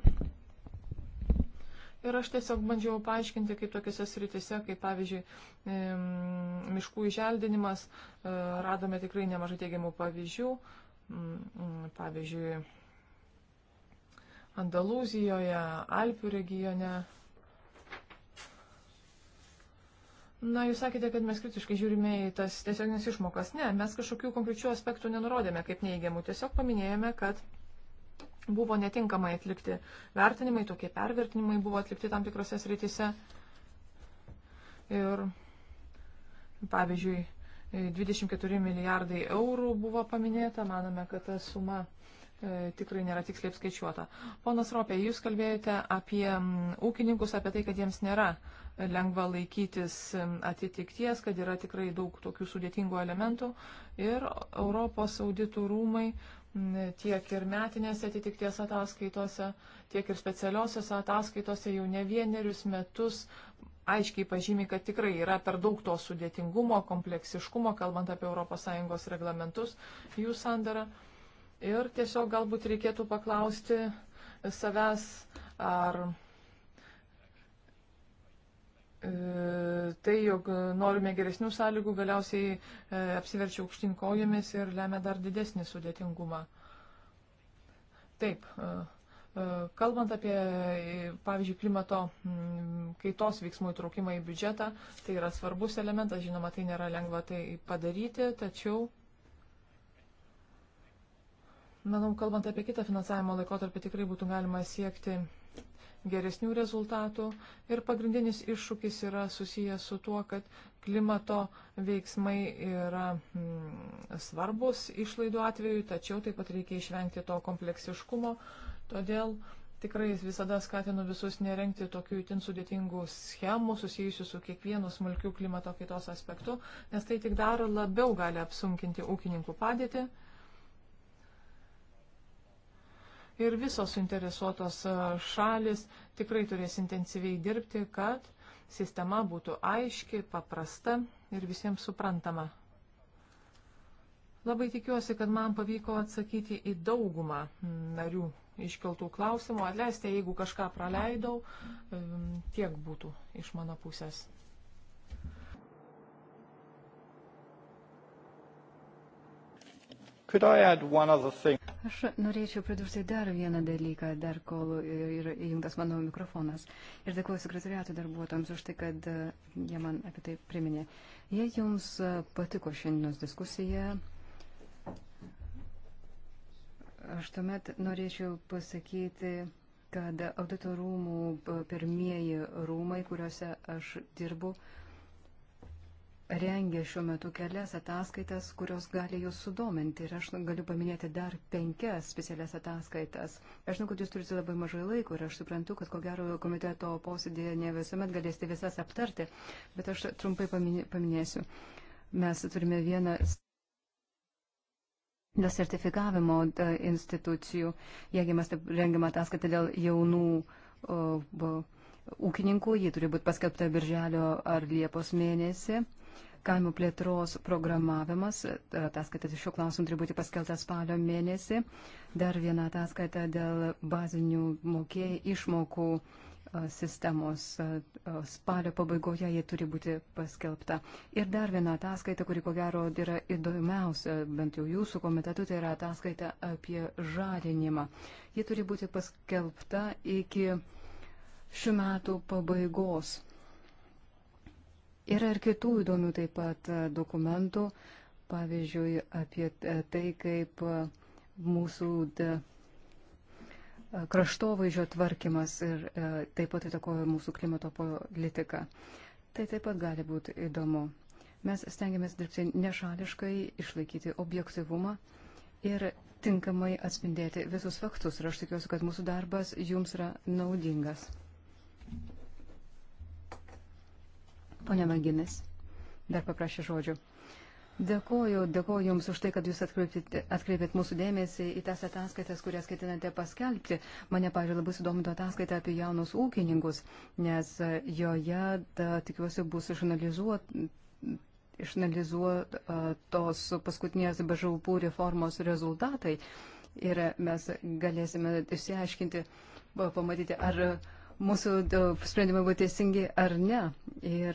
Ir aš tiesiog bandžiau paaiškinti, kaip tokiuose sritise, kaip pavyzdžiui, miškų įželdinimas, e, radome tikrai nemažai teigiamų pavyzdžių. Mm, mm, pavyzdžiui, Andalūzijoje, Alpių regione. Na, jūs sakėte, kad mes kritiškai žiūrime į tas tiesioginės išmokas. Ne, mes kažkokių konkrečių aspektų nenurodėme kaip neįgiamų. Tiesiog paminėjome, kad buvo netinkamai atlikti vertinimai, tokie pervertinimai buvo atlikti tam tikrose srityse. Ir pavyzdžiui, 24 milijardai eurų buvo paminėta, manome, kad ta suma e, tikrai nėra tiksliai apskaičiuota. Ponas Ropė, jūs kalbėjote apie ūkininkus, apie tai, kad jiems nėra lengva laikytis atitikties, kad yra tikrai daug tokių sudėtingų elementų ir Europos auditų rūmai tiek ir metinėse atitikties ataskaitose, tiek ir specialiosiose ataskaitose jau ne vienerius metus aiškiai pažymi, kad tikrai yra per daug to sudėtingumo, kompleksiškumo, kalbant apie ES reglamentus, jų sandarą. Ir tiesiog galbūt reikėtų paklausti savęs, ar E, tai, jog norime geresnių sąlygų, galiausiai e, apsiverčia aukštinkojomis ir lemia dar didesnį sudėtingumą. Taip, e, Kalbant apie, pavyzdžiui, klimato kaitos veiksmų įtraukimą į biudžetą, tai yra svarbus elementas, žinoma, tai nėra lengva tai padaryti, tačiau, manau, kalbant apie kitą finansavimo laikotarpį, tikrai būtų galima siekti geresnių rezultatų. Ir pagrindinis iššūkis yra susijęs su tuo, kad klimato veiksmai yra mm, svarbus išlaidų atveju, tačiau taip pat reikia išvengti to kompleksiškumo. Todėl tikrai visada skatinu visus nerengti tokių itin sudėtingų schemų susijusių su kiekvienu smulkiu klimato kaitos aspektu, nes tai tik dar labiau gali apsunkinti ūkininkų padėtį. ir visos suinteresuotos e, šalis tikrai turės intensyviai dirbti, kad sistema būtų aiški, paprasta ir visiems suprantama. Labai tikiuosi, kad man pavyko atsakyti į daugumą narių iškeltų klausimų. Atleisti, jeigu kažką praleidau, e, tiek būtų iš mano pusės. Aš norėčiau pridurti dar vieną dalyką, dar kol yra įjungtas mano mikrofonas. Ir dėkuoju sekretariato darbuotojams už tai, kad e, jie man apie tai priminė. Jei jums e, patiko šiandienos diskusija, aš tuomet norėčiau pasakyti kad auditorumų e, pirmieji rūmai, kuriuose aš dirbu, uh, rengia šiuo metu kelias ataskaitas, kurios gali jūs sudominti. Ir aš galiu paminėti dar penkias specialias ataskaitas. Aš žinau, kad jūs turite labai mažai laiko ir aš suprantu, kad ko gero komiteto posėdėje ne visuomet galėsite visas aptarti, bet aš trumpai paminėsiu. Mes turime vieną dėl sertifikavimo institucijų, jeigu mes rengiam ataskaitą dėl jaunų o, o, ūkininkų, ji turi būti paskelbta birželio ar liepos mėnesį kaimo plėtros programavimas. Ataskaita šiuo klausimu turi būti paskelta spalio mėnesį. Dar viena ataskaita dėl bazinių mokėjų išmokų sistemos spalio pabaigoje jie turi būti paskelbta. Ir dar viena ataskaita, kuri ko gero yra įdomiausia, bent jau jūsų komitetu, tai yra ataskaita apie žalinimą. Ji turi būti paskelbta iki šių metų pabaigos. Yra ir kitų įdomių taip pat e, dokumentų, pavyzdžiui, apie e, tai, kaip e, mūsų kraštovaizdžio tvarkymas ir taip pat įtakoja mūsų klimato politiką. Tai taip pat gali būti įdomu. Mes stengiamės dirbti nešališkai, išlaikyti objektivumą ir tinkamai atspindėti visus faktus. Ir aš tikiuosi, kad mūsų darbas jums yra naudingas. Pone Maginis, dar paprašė žodžių. Dėkoju, dėkoju Jums už tai, kad Jūs atkreipėt mūsų dėmesį į tas ataskaitas, kurias ketinate paskelbti. Mane, pavyzdžiui, labai sudomino ataskaita apie jaunus ūkininkus, nes e, joje, da, tikiuosi, bus išanalizuota išanalizuotos e, paskutinės BŽUP reformos rezultatai ir mes galėsime išsiaiškinti, pamatyti, ar. Mhm mūsų e, sprendimai buvo teisingi ar ne. Ir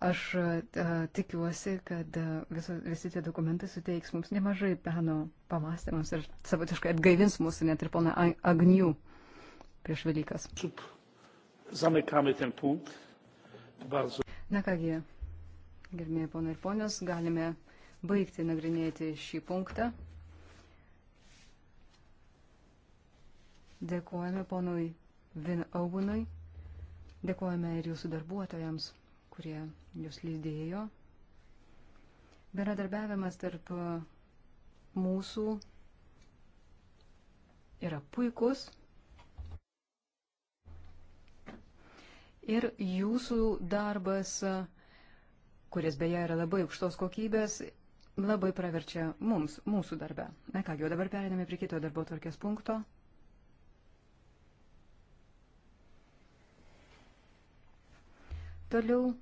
aš e, tikiuosi, kad e, viso, visi tie dokumentai suteiks mums nemažai peno pamastymams ir savotiškai atgaivins mūsų net ir pona Agnių prieš Velykas. Zamykamy ten punkt. Bardzo. Na kągi, gerbėjai ponai ir ponios, galime baigti nagrinėti šį punktą. Dėkojame ponui Vin Owenui. Dėkojame ir jūsų darbuotojams, kurie jūs lydėjo. Bendradarbiavimas tarp mūsų yra puikus. Ir jūsų darbas, kuris beje yra labai aukštos kokybės, labai praverčia mums, mūsų darbe. Na kągi, o dabar periname prie kito darbo tvarkės punkto. Toliau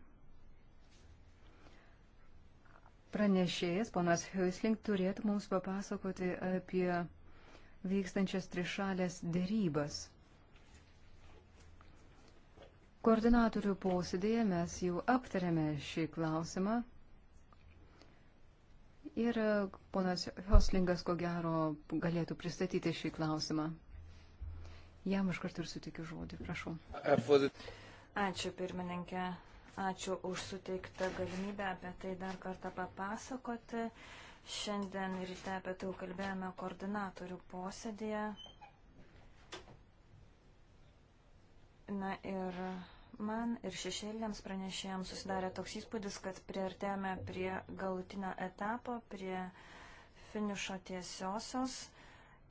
pranešėjas, ponas Heusling, turėtų mums papasakoti apie vykstančias trišalės dėrybas. Koordinatorių posėdėje mes jau aptarėme šį klausimą. Ir ponas Hoslingas, ko gero, galėtų pristatyti šį klausimą. Jam iš karto ir sutikiu žodį, prašau. Ačiū pirmininkė, ačiū už suteiktą galimybę apie tai dar kartą papasakoti. Šiandien ryte apie tai kalbėjome koordinatorių posėdėje. Na ir man ir šešėlėms pranešėjams susidarė toks įspūdis, kad priartėjome prie galutinio etapo, prie finišo tiesiosios.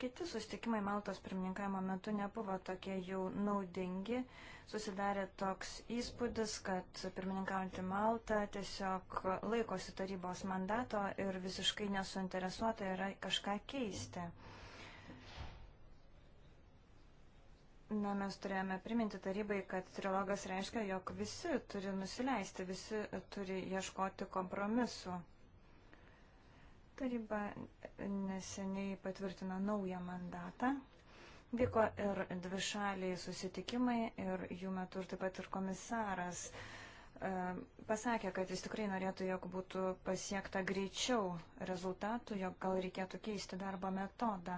Kiti sustikimai Maltos pirmininkavimo metu nebuvo tokie jau naudingi. Susidarė toks įspūdis, kad pirmininkaujantį Maltą tiesiog laikosi tarybos mandato ir visiškai nesuinteresuota yra kažką keisti. Na, mes turėjome priminti tarybai, kad trilogas reiškia, jog visi turi nusileisti, visi turi ieškoti kompromisu. Taryba neseniai patvirtino naują mandatą. Vyko ir dvi šaliai susitikimai ir jų metu ir taip pat ir komisaras e, pasakė, kad jis tikrai norėtų, jog būtų pasiekta greičiau rezultatų, jog gal reikėtų keisti darbo metodą.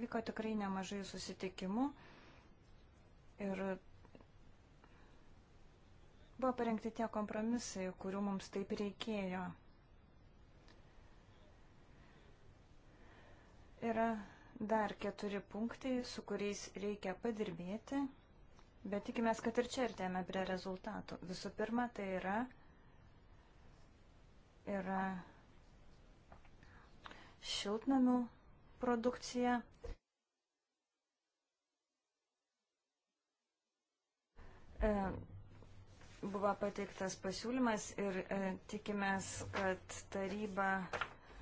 Įvyko tikrai nemažai susitikimų ir buvo parengti tie kompromisai, kurių mums taip reikėjo. Yra dar keturi punktai, su kuriais reikia padirbėti, bet tikimės, kad ir čia artėjame prie rezultatų. Visų pirma, tai yra, yra šiltnamių produkcija. E, buvo pateiktas pasiūlymas ir e, tikimės, kad taryba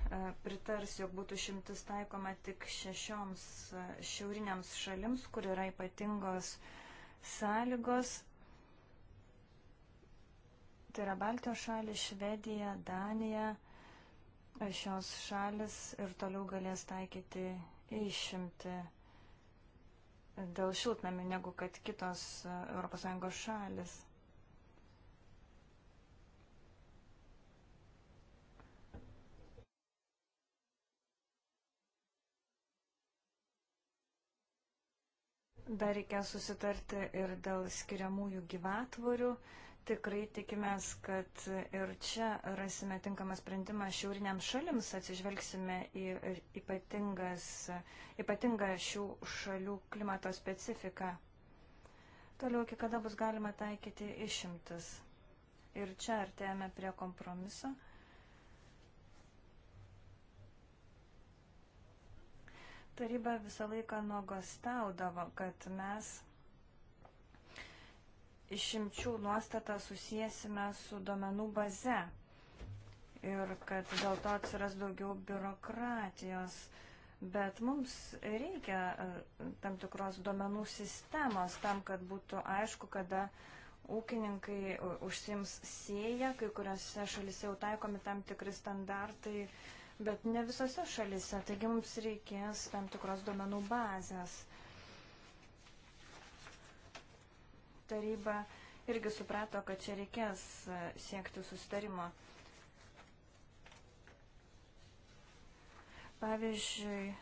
E, pritars, jog būtų šimtis taikoma tik šešioms e, šiauriniams šalims, kur yra ypatingos sąlygos. Tai yra Baltijos šalis, Švedija, Danija. E, šios šalis ir toliau galės taikyti išimti dėl šiltnamių negu kad kitos ES šalis. Dar reikia susitarti ir dėl skiriamųjų gyvatvorių. Tikrai tikimės, kad ir čia rasime tinkamą sprendimą šiauriniams šalims, atsižvelgsime į ypatingą šių šalių klimato specifiką. Toliau, iki kada bus galima taikyti išimtis. Ir čia artėjame prie kompromiso. Taryba visą laiką nuogastaudavo, kad mes išimčių nuostatą susijęsime su domenų baze ir kad dėl to atsiras daugiau biurokratijos. Bet mums reikia e, tam tikros domenų sistemos tam, kad būtų aišku, kada ūkininkai užsims sėję, kai kuriuose šalise jau taikomi tam tikri standartai bet ne visose šalise, taigi mums reikės tam tikros duomenų bazės. Taryba irgi suprato, kad čia reikės e, siekti sustarimo. Pavyzdžiui,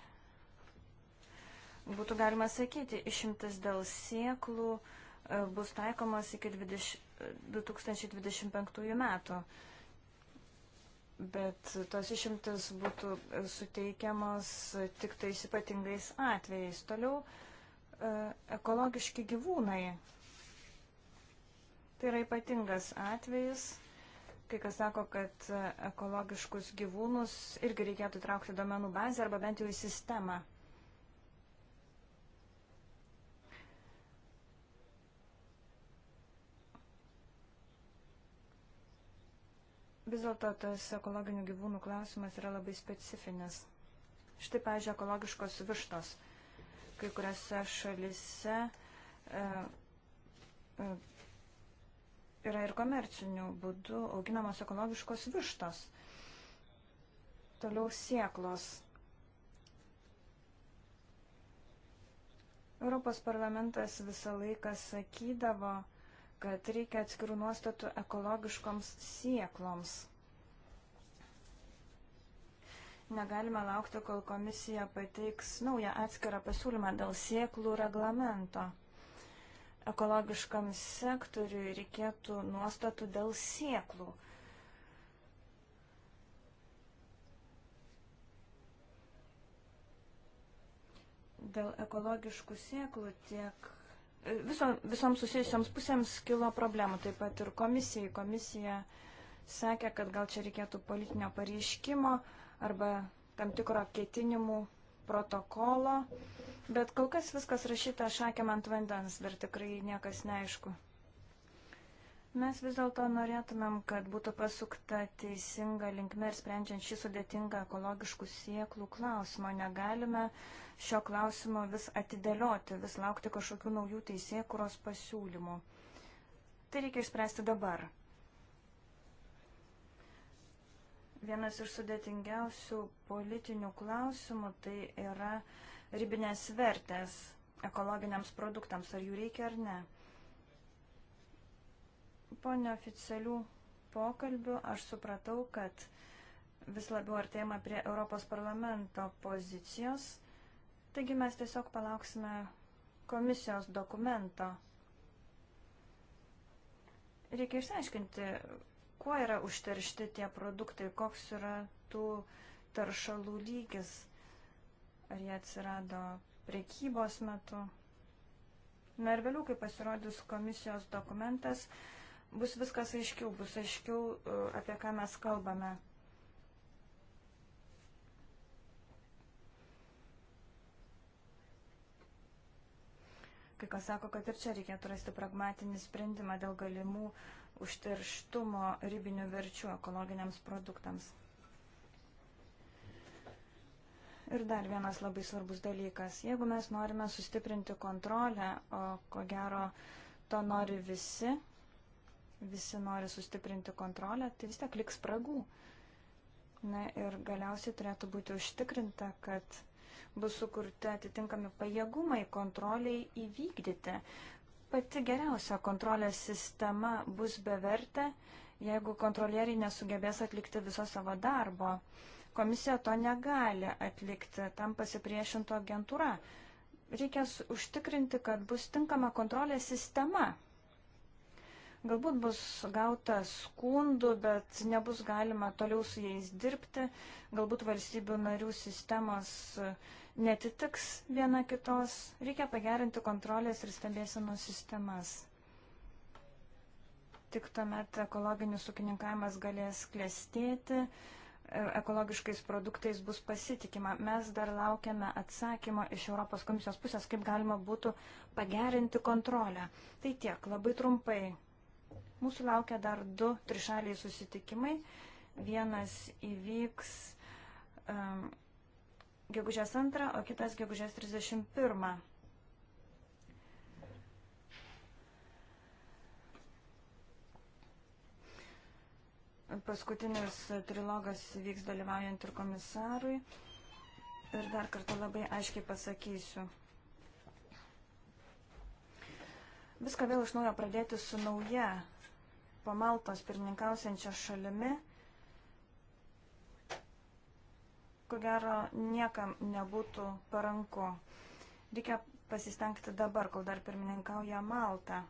būtų galima sakyti, išimtas dėl sieklų e, bus taikomas iki 20, 2025 e, metų. Bet tos išimtis būtų suteikiamas tik tais ypatingais atvejais. Toliau e, ekologiški gyvūnai. Tai yra ypatingas atvejis. Kai kas sako, kad e, ekologiškus gyvūnus irgi reikėtų traukti domenų bazę arba bent jau į sistemą. Vis dėlto tas ekologinių gyvūnų klausimas yra labai specifinis. Štai, pavyzdžiui, ekologiškos vištos. Kai kuriuose šalise e, e, yra ir komercinių būdų auginamos ekologiškos vištos. Toliau sieklos. Europos parlamentas visą laiką sakydavo, kad reikia atskirų nuostatų ekologiškoms siekloms. Negalime laukti, kol komisija pateiks naują atskirą pasiūlymą dėl sieklų reglamento. Ekologiškam sektoriui reikėtų nuostatų dėl sieklų. Dėl ekologiškų sieklų tiek viso, visoms susijusioms pusėms kilo problemų, taip pat ir komisijai. Komisija sakė, kad gal čia reikėtų politinio pareiškimo arba tam tikro ketinimų protokolo, bet kol kas viskas rašyta šakiam ant vandens, dar tikrai niekas neaišku. Mes vis dėlto norėtumėm, kad būtų pasukta teisinga linkme ir sprendžiant šį sudėtingą ekologiškų sieklų klausimą. Negalime šio klausimo vis atidėlioti, vis laukti kažkokių naujų teisėkuros pasiūlymų. Tai reikia išspręsti dabar. Vienas iš sudėtingiausių politinių klausimų tai yra ribinės vertės ekologiniams produktams, ar jų reikia ar ne. Po neoficialių pokalbių aš supratau, kad vis labiau artėjama prie Europos parlamento pozicijos, taigi mes tiesiog palauksime komisijos dokumento. Reikia išsiaiškinti, kuo yra užteršti tie produktai, koks yra tų taršalų lygis, ar jie atsirado prekybos metu. Na ir vėliau, kai pasirodys komisijos dokumentas, bus viskas aiškiau, bus aiškiau, e, apie ką mes kalbame. Kai kas sako, kad ir čia reikėtų rasti pragmatinį sprendimą dėl galimų užterštumo ribinių verčių ekologiniams produktams. Ir dar vienas labai svarbus dalykas. Jeigu mes norime sustiprinti kontrolę, o ko gero to nori visi, visi nori sustiprinti kontrolę, tai vis tiek liks spragų. Na ir galiausiai turėtų būti užtikrinta, kad bus sukurti atitinkami pajėgumai kontroliai įvykdyti. Pati geriausia kontrolės sistema bus bevertė, jeigu kontrolieriai nesugebės atlikti viso savo darbo. Komisija to negali atlikti, tam pasipriešinto agentūra. Reikės užtikrinti, kad bus tinkama kontrolės sistema Galbūt bus gauta skundų, bet nebus galima toliau su jais dirbti. Galbūt valstybių narių sistemos e, netitiks viena kitos. Reikia pagerinti kontrolės ir stebėsenos sistemas. Tik tuomet ekologinis ūkininkavimas galės klestėti e, ekologiškais produktais bus pasitikima. Mes dar laukiame atsakymo iš Europos komisijos pusės, kaip galima būtų pagerinti kontrolę. Tai tiek, labai trumpai. Mūsų laukia dar du trišaliai susitikimai. Vienas įvyks um, gegužės 2, o kitas gegužės 31. Paskutinis trilogas vyks dalyvaujant ir komisarui. Ir dar kartą labai aiškiai pasakysiu. Viską vėl iš naujo pradėti su nauja po Maltos pirmininkausiančia šalimi, ko gero niekam nebūtų paranku. Reikia pasistengti dabar, kol dar pirmininkauja Malta.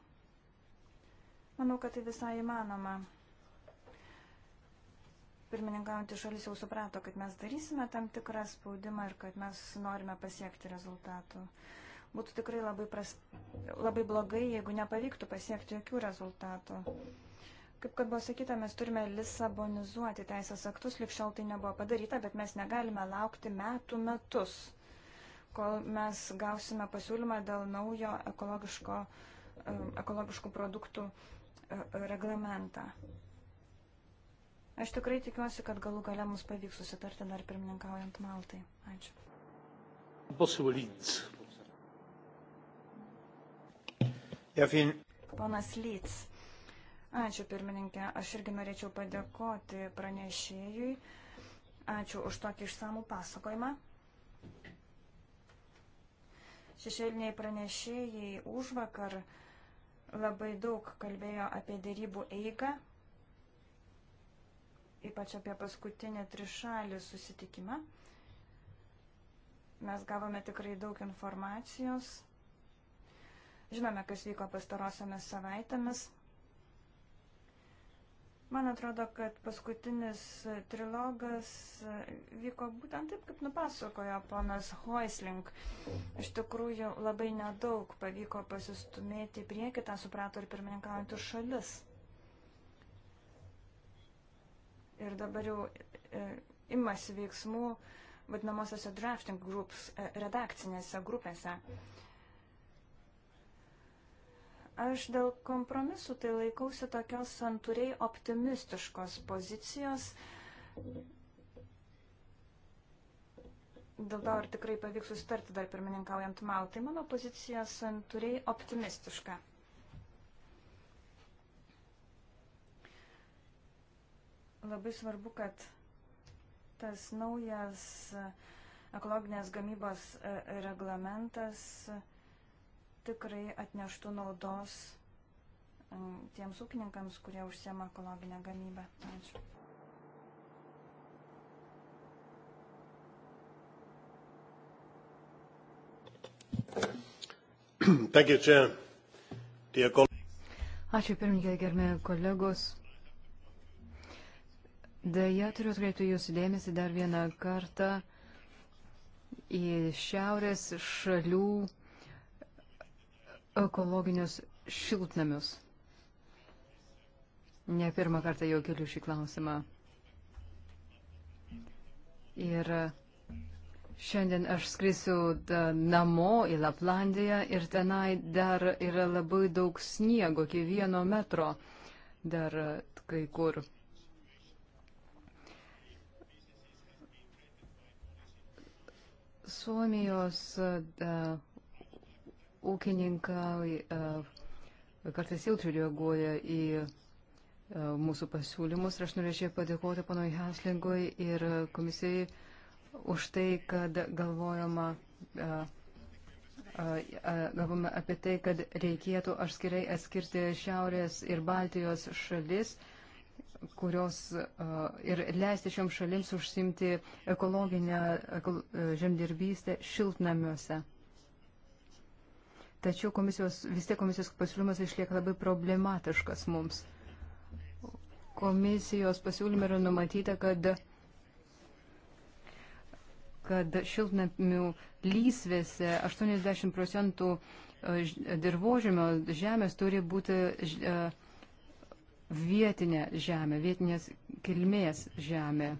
Manau, kad tai visai įmanoma. Pirmininkaujantys šalis jau suprato, kad mes darysime tam tikrą spaudimą ir kad mes norime pasiekti rezultatų. Būtų tikrai labai, pras... labai blogai, jeigu nepavyktų pasiekti jokių rezultatų. Kaip kad buvo sakyta, mes turime lisabonizuoti teisės aktus, likščiau tai nebuvo padaryta, bet mes negalime laukti metų metus, kol mes gausime pasiūlymą dėl naujo ekologiško, e, ekologiškų produktų e, reglamentą. Aš tikrai tikiuosi, kad galų gale mums pavyks susitarti dar pirmininkaujant Maltai. Ačiū. Ponas Lyts. Ačiū pirmininkė, aš irgi norėčiau padėkoti pranešėjui. Ačiū už tokį išsamų pasakojimą. Šešėliniai pranešėjai už vakar labai daug kalbėjo apie dėrybų eigą, ypač apie paskutinį trišalį susitikimą. Mes gavome tikrai daug informacijos. Žinome, kas vyko pastarosiomis savaitėmis. Man atrodo, kad paskutinis trilogas vyko būtent taip, kaip nupasakojo ponas Hoisling. Iš tikrųjų, labai nedaug pavyko pasistumėti į priekį, tą suprato ir pirmininkaujantys šalis. Ir dabar jau e, imasi veiksmų vadinamosiose drafting groups, e, redakcinėse grupėse. Mm. Aš dėl kompromisų tai laikausi tokios santūriai optimistiškos pozicijos. Dėl to ar tikrai pavyks sustarti dar pirmininkaujant Maltai. Mano pozicija santūriai optimistiška. Labai svarbu, kad tas naujas ekologinės gamybos e, reglamentas uh, tikrai atneštų naudos e, tiems ūkininkams, kurie užsiema ekologinę gamybę. Ačiū. Ačiū pirmininkė, gerbėjai kolegos. Deja, turiu atkreipti jūsų dėmesį dar vieną kartą į šiaurės šalių ekologinius šiltnamius. Ne pirmą kartą jau keliu šį klausimą. Ir šiandien aš skrisiu namo į Laplandiją ir tenai dar yra labai daug sniego, iki vieno metro dar kai kur. Suomijos da, ūkininkai e, kartais jautriai reaguoja į e, mūsų pasiūlymus ir aš norėčiau padėkoti panoj Haslingui ir komisijai už tai, kad galvojama e, galvome apie tai, kad reikėtų atskirai atskirti Šiaurės ir Baltijos šalis kurios ir leisti šioms šalims užsimti ekologinę žemdirbystę šiltnamiuose. Tačiau komisijos, vis tiek komisijos pasiūlymas išlieka labai problematiškas mums. Komisijos pasiūlyme yra numatyta, kad, kad šiltnamių lysvėse 80 procentų e, dirbožėmio žemės turi būti e, vietinė žemė, vietinės kilmės žemė.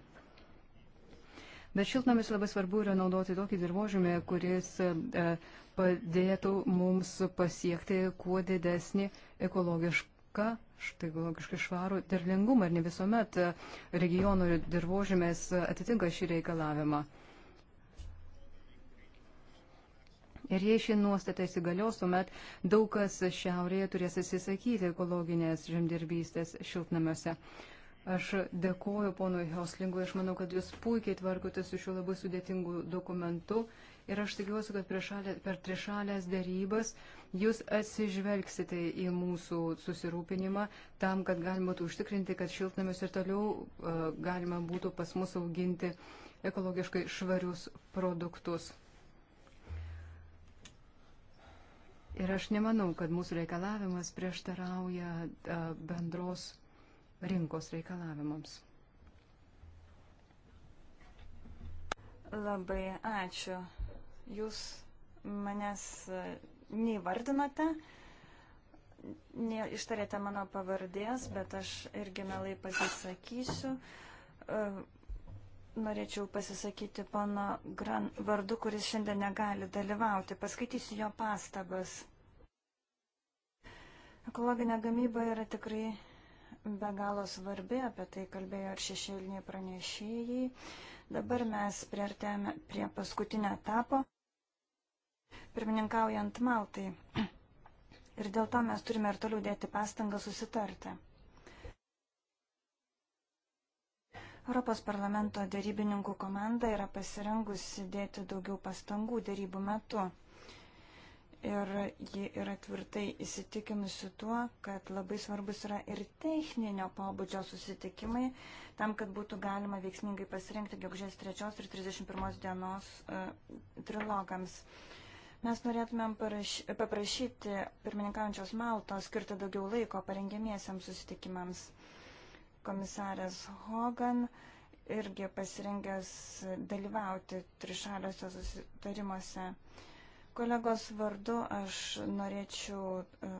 Bet šiltnamis labai svarbu yra naudoti tokį dirbožėmį, kuris e, padėtų mums pasiekti kuo didesnį ekologišką, štai ekologiškai švarų derlingumą. Ir ne visuomet regionų dirbožėmės atitinka šį reikalavimą. Ir jei ši nuostata įsigalios, tuomet daug kas šiaurėje turės atsisakyti ekologinės žemdirbystės šiltnamiuose. Aš dėkoju ponui Hoslingui, aš manau, kad jūs puikiai tvarkote su šiuo labai sudėtingu dokumentu Ir aš tikiuosi, kad šalė, per trišalės darybas jūs atsižvelgsite į mūsų susirūpinimą tam, kad galima būtų užtikrinti, kad šiltnamius ir toliau uh, galima būtų pas mus auginti ekologiškai švarius produktus. Ir aš nemanau, kad mūsų reikalavimas prieštarauja uh, bendros rinkos reikalavimams. Labai ačiū. Jūs manęs e, neįvardinote, neištarėte mano pavardės, bet aš irgi melai pasisakysiu. E, norėčiau pasisakyti pono Gran vardu, kuris šiandien negali dalyvauti. Paskaitysiu jo pastabas. Ekologinė gamyba yra tikrai be galo svarbi, apie tai kalbėjo ir šešėliniai pranešėjai. Dabar mes priartėjame prie paskutinio etapo pirmininkaujant Maltai. Ir dėl to mes turime ir toliau dėti pastangą susitarti. Europos parlamento dėrybininkų komanda yra pasirengusi dėti daugiau pastangų dėrybų metu. Ir ji yra tvirtai įsitikinusi tuo, kad labai svarbus yra ir techninio pobūdžio susitikimai, tam, kad būtų galima veiksmingai pasirinkti gegužės 3 ir 31 dienos uh, trilogams. Uh, Mes norėtumėm paraš... paprašyti pirmininkaujančios Maltos skirti daugiau laiko parengėmiesiams susitikimams. Komisarės Hogan irgi pasirengęs dalyvauti trišaliuose susitarimuose. Kolegos vardu aš norėčiau e,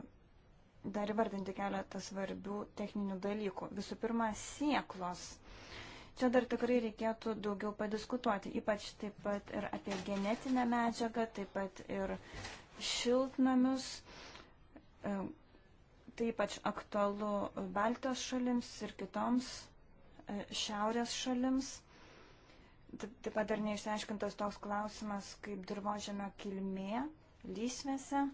dar įvardinti keletą svarbių techninių dalykų. Visų pirma, sieklos Čia dar tikrai reikėtų daugiau padiskutuoti, ypač taip pat ir apie genetinę medžiagą, taip pat ir šiltnamius. E, tai ypač aktualu Baltijos šalims ir kitoms e, šiaurės šalims. Taip pat dar neišsiaiškintas toks klausimas kaip dirbožėmio kilmė lysvėse.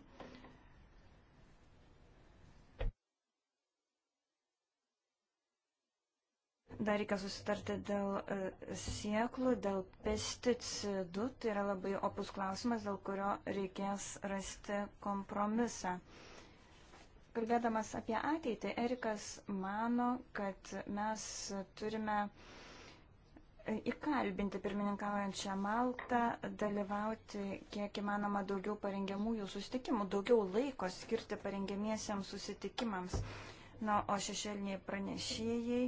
Dar reikia susitarti dėl e, sieklų, dėl pesticidų. Tai yra labai opus klausimas, dėl kurio reikės rasti kompromisą. Kalbėdamas apie ateitį, Erikas mano, kad mes turime e, įkalbinti pirmininkaujančią Maltą, dalyvauti kiek įmanoma daugiau parengiamųjų susitikimų, daugiau laiko skirti parengiamiesiams susitikimams. Na, o šešėliniai pranešėjai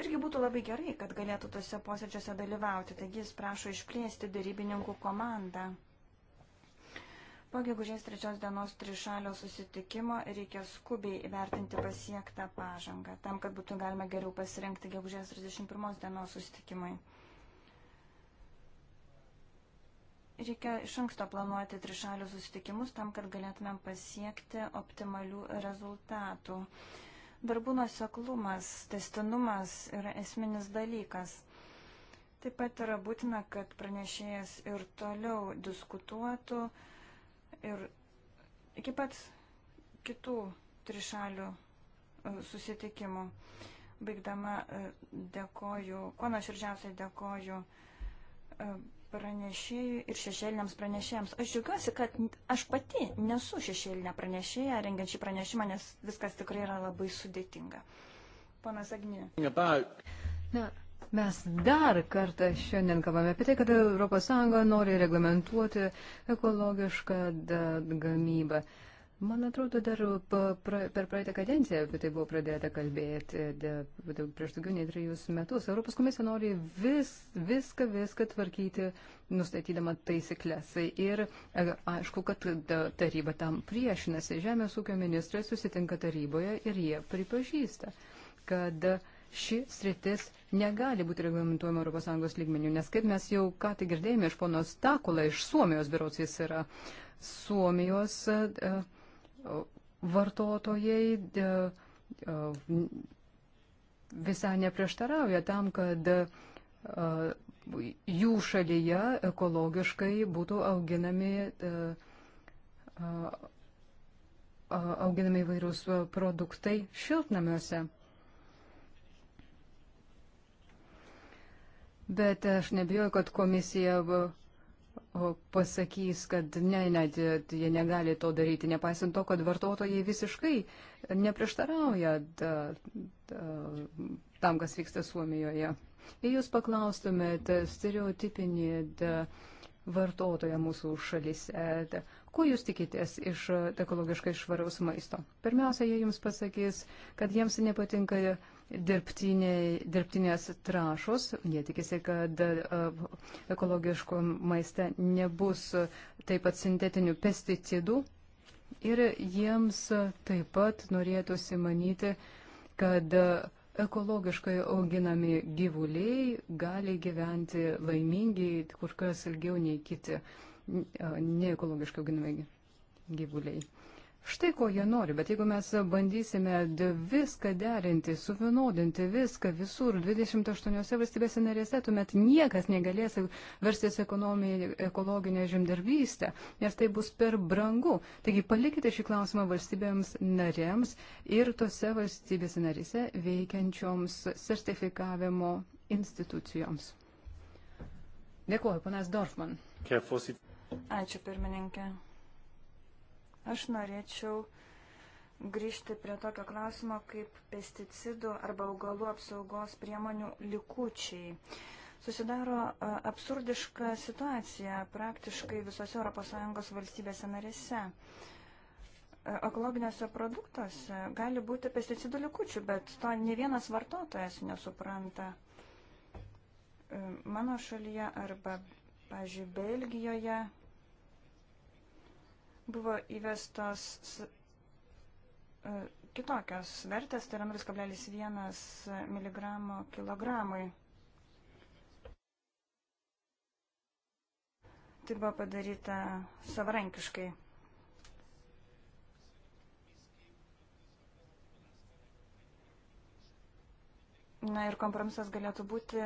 irgi būtų labai gerai, kad galėtų tose posėdžiuose dalyvauti. Taigi jis prašo išplėsti darybininkų komandą. Po gegužės trečios dienos trišalio susitikimo reikia skubiai įvertinti pasiektą pažangą, tam, kad būtų galima geriau pasirinkti gegužės 31 dienos susitikimui. Reikia iš anksto planuoti trišalių susitikimus tam, kad galėtumėm pasiekti optimalių rezultatų. Uh, Darbų nuseklumas, testinumas yra esminis dalykas. Taip pat yra būtina, kad pranešėjas ir toliau diskutuotų ir iki pat kitų trišalių e, susitikimų. Baigdama e, dėkoju, kuo nuoširdžiausiai dėkoju e, pranešėjui ir šešėliniams pranešėjams. Aš džiaugiuosi, kad aš pati nesu šešėlinė pranešėja, rengiant šį pranešimą, nes viskas tikrai yra labai sudėtinga. Ponas Agnė. Na, mes dar kartą šiandien kalbame apie tai, kad ES nori reglamentuoti ekologišką gamybą. Uh, Man atrodo, dar per praeitą kadenciją apie tai buvo pradėta kalbėti, prieš daugiau nei trejus metus. Europos komisija nori vis, viską, viską tvarkyti, nustatydama taisyklės. Ir e, aišku, kad taryba tam priešinasi. Žemės ūkio ministrai susitinka taryboje ir jie pripažįsta, kad ši sritis negali būti reglamentuojama ES lygmenių, nes kaip mes jau ką tik girdėjome iš ponos Takula, iš Suomijos biuros jis yra. Suomijos uh, vartotojai e, e, visai neprieštarauja tam, kad e, jų šalyje ekologiškai būtų auginami, auginami įvairūs produktai šiltnamiuose. Bet aš nebijoju, kad komisija pasakys, kad ne, ne, jie negali to daryti, nepaisant to, kad vartotojai visiškai neprieštarauja da, da, tam, kas vyksta Suomijoje. Jei jūs paklaustumėte stereotipinį da, vartotoją mūsų šalise, da, ko jūs tikitės iš ekologiškai švaraus maisto? Pirmiausia, jie jums pasakys, kad jiems nepatinka dirbtinės trašos. Jie tikisi, kad e, ekologiško maiste nebus taip pat sintetinių pesticidų. Ir jiems taip pat norėtųsi manyti, kad ekologiškai auginami gyvuliai gali gyventi laimingi kur kas ilgiau nei kiti e, neekologiškai auginami gyvuliai. Štai ko jie nori, bet jeigu mes bandysime viską derinti, suvienodinti viską visur 28 valstybėse narėse, tuomet niekas negalės verstis ekologinę žemdirbystę, nes tai bus per brangu. Taigi palikite šį klausimą valstybėms narėms ir tose valstybėse narėse veikiančioms sertifikavimo institucijoms. Dėkuoju, panas Dorfman. Ačiū, pirmininkė. Aš norėčiau grįžti prie tokio klausimo kaip pesticidų arba augalų apsaugos priemonių likučiai. Susidaro absurdiška situacija praktiškai visose ES valstybėse narėse. Ekologiniuose produktuose gali būti pesticidų likučių, bet to ne vienas vartotojas nesupranta. Mano šalyje arba, pažiūrėjau, Belgijoje buvo įvestos e, kitokios vertės, tai yra 0,1 mg kilogramui. Tai buvo padaryta savarankiškai. Na ir kompromisas galėtų būti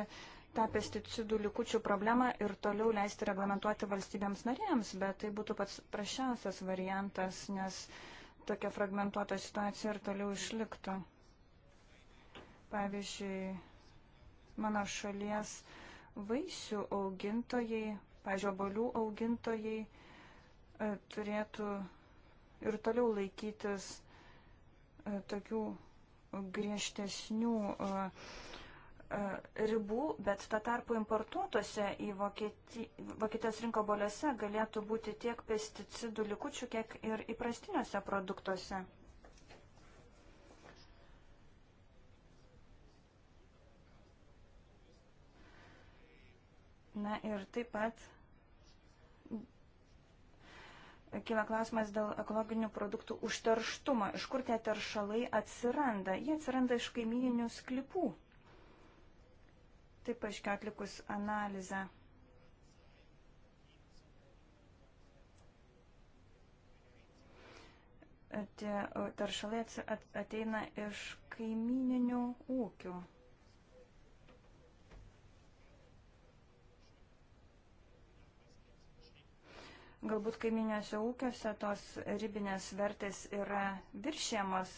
tą pesticidų likučių problemą ir toliau leisti reglamentuoti valstybėms narėms, bet tai būtų pats prašiausias variantas, nes tokia fragmentuota situacija ir toliau išliktų. Pavyzdžiui, mano šalies vaisių augintojai, pažiūrėjau, bolių augintojai e, turėtų ir toliau laikytis e, tokių griežtesnių e, e, ribų, bet ta tarpu importuotose į Vokieti... Vokietijos rinko bolėse galėtų būti tiek pesticidų likučių, kiek ir įprastiniuose produktuose. Na ir taip pat kyla klausimas dėl ekologinių produktų užterštumo. Iš kur tie teršalai atsiranda? Jie atsiranda iš kaimininių sklipų. Taip paaiškiai atlikus analizę. Tie teršalai ateina iš kaimininių ūkių. Galbūt kaiminėse ūkiuose tos ribinės vertės yra viršėmas,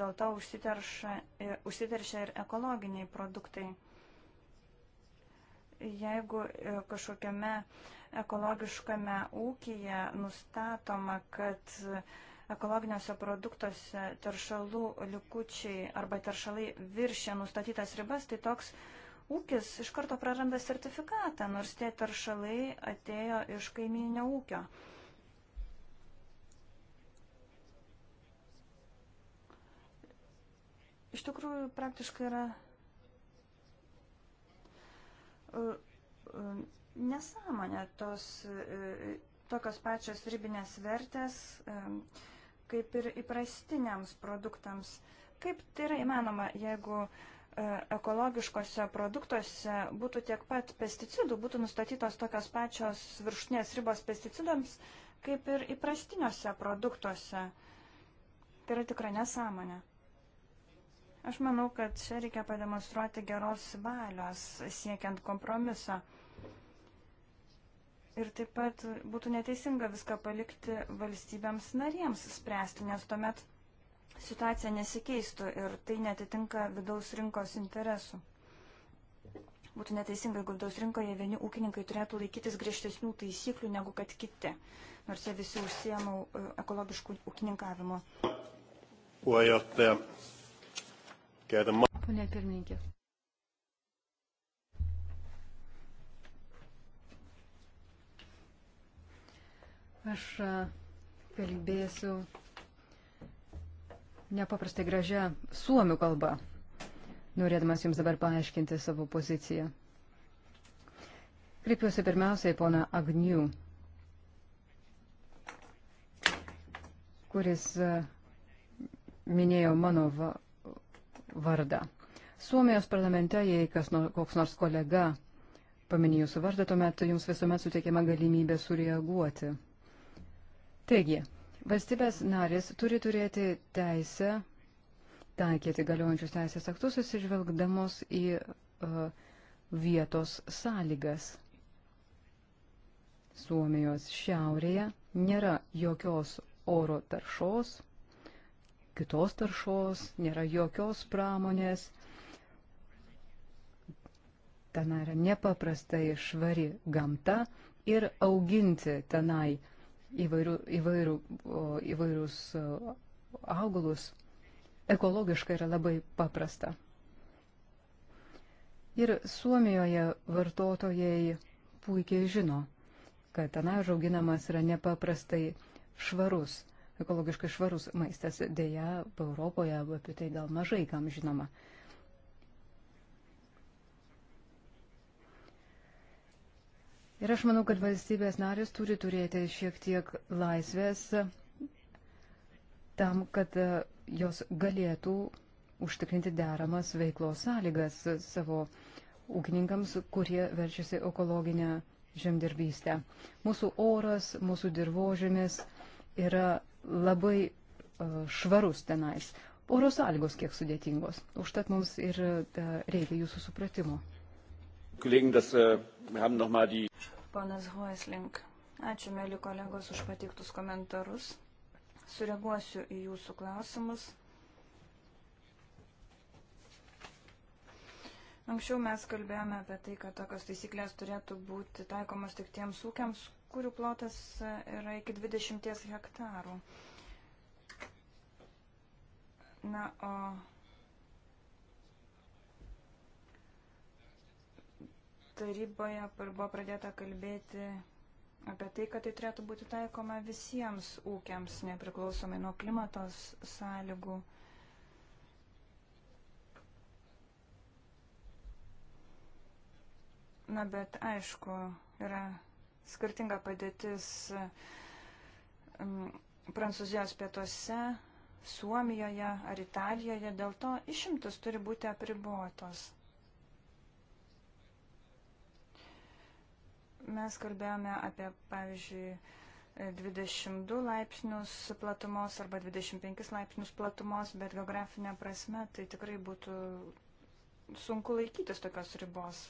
dėl to užsiteršia, e, užsiteršia ir ekologiniai produktai. Jeigu e, kažkokiame ekologiškame ūkyje nustatoma, kad ekologiniuose produktuose teršalų likučiai arba teršalai viršė nustatytas ribas, tai toks uh, ūkis iš karto praranda sertifikatą, nors tie taršalai atėjo iš kaimininio ūkio. Iš tikrųjų, praktiškai yra e, e, nesąmonė tos e, tokios pačios ribinės vertės kaip ir įprastiniams produktams. Kaip tai yra įmanoma, jeigu uh, E, ekologiškose produktuose būtų tiek pat pesticidų, būtų nustatytos tokios pačios viršutinės ribos pesticidams, kaip ir įprastiniuose produktuose. Tai yra tikrai nesąmonė. Aš manau, kad čia reikia pademonstruoti geros valios siekiant kompromiso. Ir taip pat būtų neteisinga viską palikti valstybėms narėms spręsti, nes tuomet situacija nesikeistų ir tai netitinka vidaus rinkos interesų. Būtų neteisinga, jeigu vidaus rinkoje vieni ūkininkai turėtų laikytis griežtesnių taisyklių negu kad kiti, nors jie visi užsiemų e, ekologiškų ūkininkavimo. Pone pirmininkė. Aš e, kalbėsiu nepaprastai gražia suomių kalba, norėdamas jums dabar paaiškinti savo poziciją. Kreipiuosi pirmiausiai pona Agnių, kuris e, minėjo mano va vardą. Suomijos parlamente, jei kas, nors, koks nors kolega paminė jūsų vardą, tuomet jums visuomet suteikiama galimybė sureaguoti. Taigi, Valstybės narės turi turėti teisę taikyti galiojančius teisės aktus, susižvelgdamos į uh, vietos sąlygas. Suomijos šiaurėje nėra jokios oro taršos, kitos taršos, nėra jokios pramonės. Ten yra nepaprastai švari gamta ir auginti tenai įvairių, įvairių, įvairius augalus, ekologiškai yra labai paprasta. Ir Suomijoje vartotojai puikiai žino, kad tenai žauginamas yra nepaprastai švarus, ekologiškai švarus maistas. Deja, Europoje apie tai gal mažai kam žinoma. Uh, Ir aš manau, kad valstybės narės turi turėti šiek tiek laisvės tam, kad e, jos galėtų užtikrinti deramas veiklos sąlygas savo ūkininkams, kurie verčiasi ekologinę žemdirbystę. Mūsų oras, mūsų dirbožėmis yra labai e, švarus tenais. Oro sąlygos kiek sudėtingos. Užtat mums ir e, reikia jūsų supratimo. Kollegen, das, äh, haben noch mal die ponas Hoeslink. Ačiū, mėly kolegos, už patiktus komentarus. Sureaguosiu į jūsų klausimus. Anksčiau mes kalbėjome apie tai, kad tokios taisyklės turėtų būti taikomos tik tiems ūkiams, kurių plotas yra iki 20 hektarų. Na, o taryboje buvo pradėta kalbėti apie tai, kad tai turėtų būti taikoma visiems ūkiams, nepriklausomai nuo klimatos sąlygų. Na, bet aišku, yra skirtinga padėtis Prancūzijos pietuose, Suomijoje ar Italijoje, dėl to išimtis turi būti apribotos. Mes kalbėjome apie, pavyzdžiui, 22 laipsnius platumos arba 25 laipsnius platumos, bet geografinė prasme tai tikrai būtų sunku laikytis tokios ribos.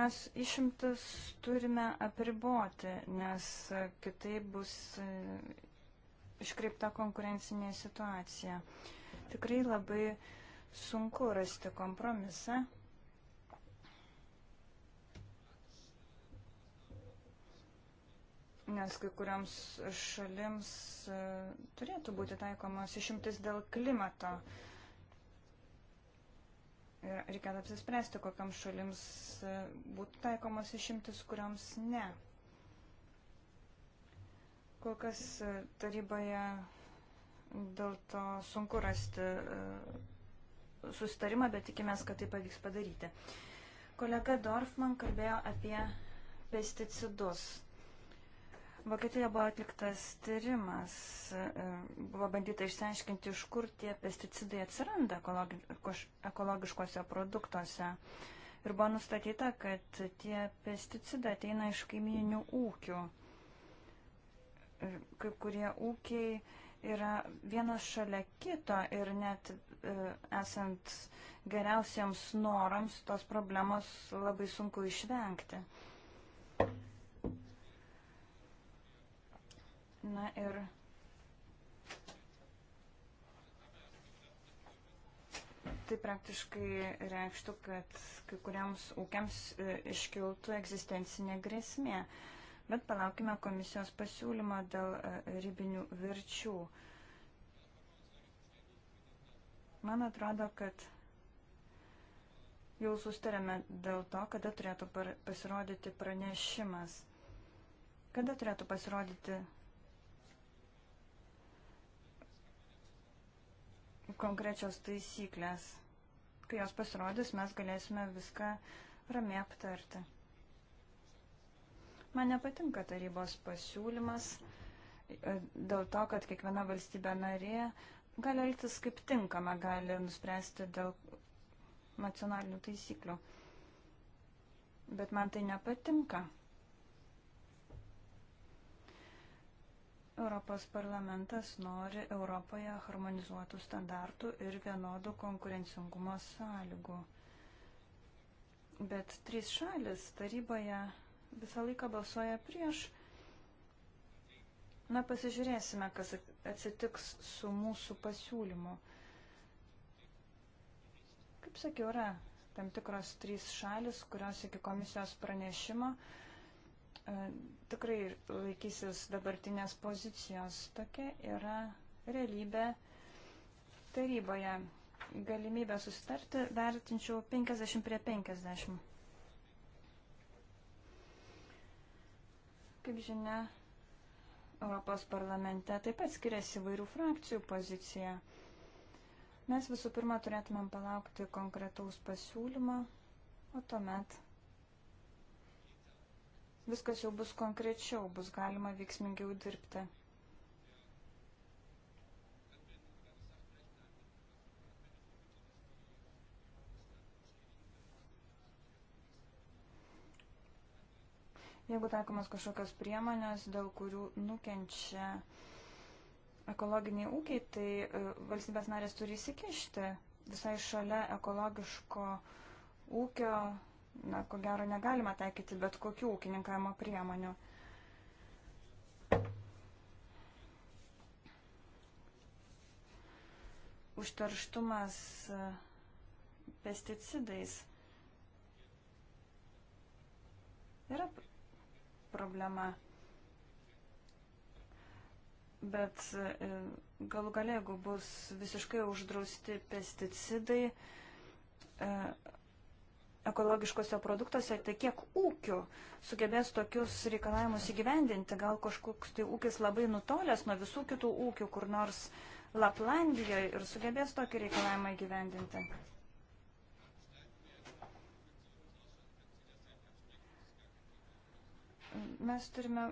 Mes išimtis turime apriboti, nes kitaip bus e, iškreipta konkurencinė situacija. Tikrai labai sunku rasti kompromisą nes kai kuriams šalims e, turėtų būti taikomas išimtis dėl klimato. Ir reikėtų apsispręsti, kokiams šalims e, būtų taikomas išimtis, kuriams ne. Kol kas e, taryboje dėl to sunku rasti susitarimą, bet tikimės, kad tai pavyks padaryti. Kolega Dorfman kalbėjo apie pesticidus. Vokietijoje buvo atliktas tyrimas, e, buvo bandyta išsiaiškinti, iš kur tie pesticidai atsiranda ekologiškose produktuose. Ir buvo nustatyta, kad tie pesticidai ateina iš kaimininių ūkių. E, kai kurie ūkiai yra vienas šalia kito ir net e, esant geriausiems norams, tos problemos labai sunku išvengti. Na ir tai praktiškai reikštų, kad kai kuriems ūkiams e, iškiltų egzistencinė grėsmė. Bet palaukime komisijos pasiūlymo dėl e, ribinių virčių. Man atrodo, kad jau sustarėme dėl to, kada turėtų pasirodyti pranešimas. Kada turėtų pasirodyti konkrečios taisyklės. Kai jos pasirodys, mes galėsime viską ramiai aptarti. Man nepatinka tarybos pasiūlymas e, dėl to, kad kiekviena valstybė narė gali elgtis kaip tinkama, gali nuspręsti dėl nacionalinių taisyklių. Bet man tai nepatinka. Europos parlamentas nori Europoje harmonizuotų standartų ir vienodų konkurencingumo sąlygų. Bet trys šalis taryboje visą laiką balsuoja prieš. Na, pasižiūrėsime, kas atsitiks su mūsų pasiūlymu. Kaip sakiau, yra tam tikros trys šalis, kurios iki komisijos pranešimo uh, E, tikrai laikysis dabartinės pozicijos. Tokia yra realybė taryboje. Galimybę susitarti vertinčiau 50 prie 50. Kaip žinia, Europos parlamente taip pat skiriasi vairių frakcijų pozicija. Mes visų pirma turėtumėm palaukti konkretaus pasiūlymo, o tuomet viskas jau bus konkrečiau, bus galima veiksmingiau dirbti. Jeigu taikomas kažkokios priemonės, dėl kurių nukenčia ekologiniai ūkiai, tai e, valstybės narės turi įsikišti visai šalia ekologiško ūkio na, ko gero negalima taikyti bet kokių ūkininkavimo priemonių. Užterštumas e, pesticidais yra problema. Bet e, galų galia, jeigu bus visiškai uždrausti pesticidai, e, ekologiškose produktuose, tai kiek ūkių sugebės tokius reikalavimus įgyvendinti, gal kažkoks tai ūkis labai nutolęs nuo visų kitų ūkių, kur nors Laplandijoje ir sugebės tokį reikalavimą įgyvendinti. Mes turime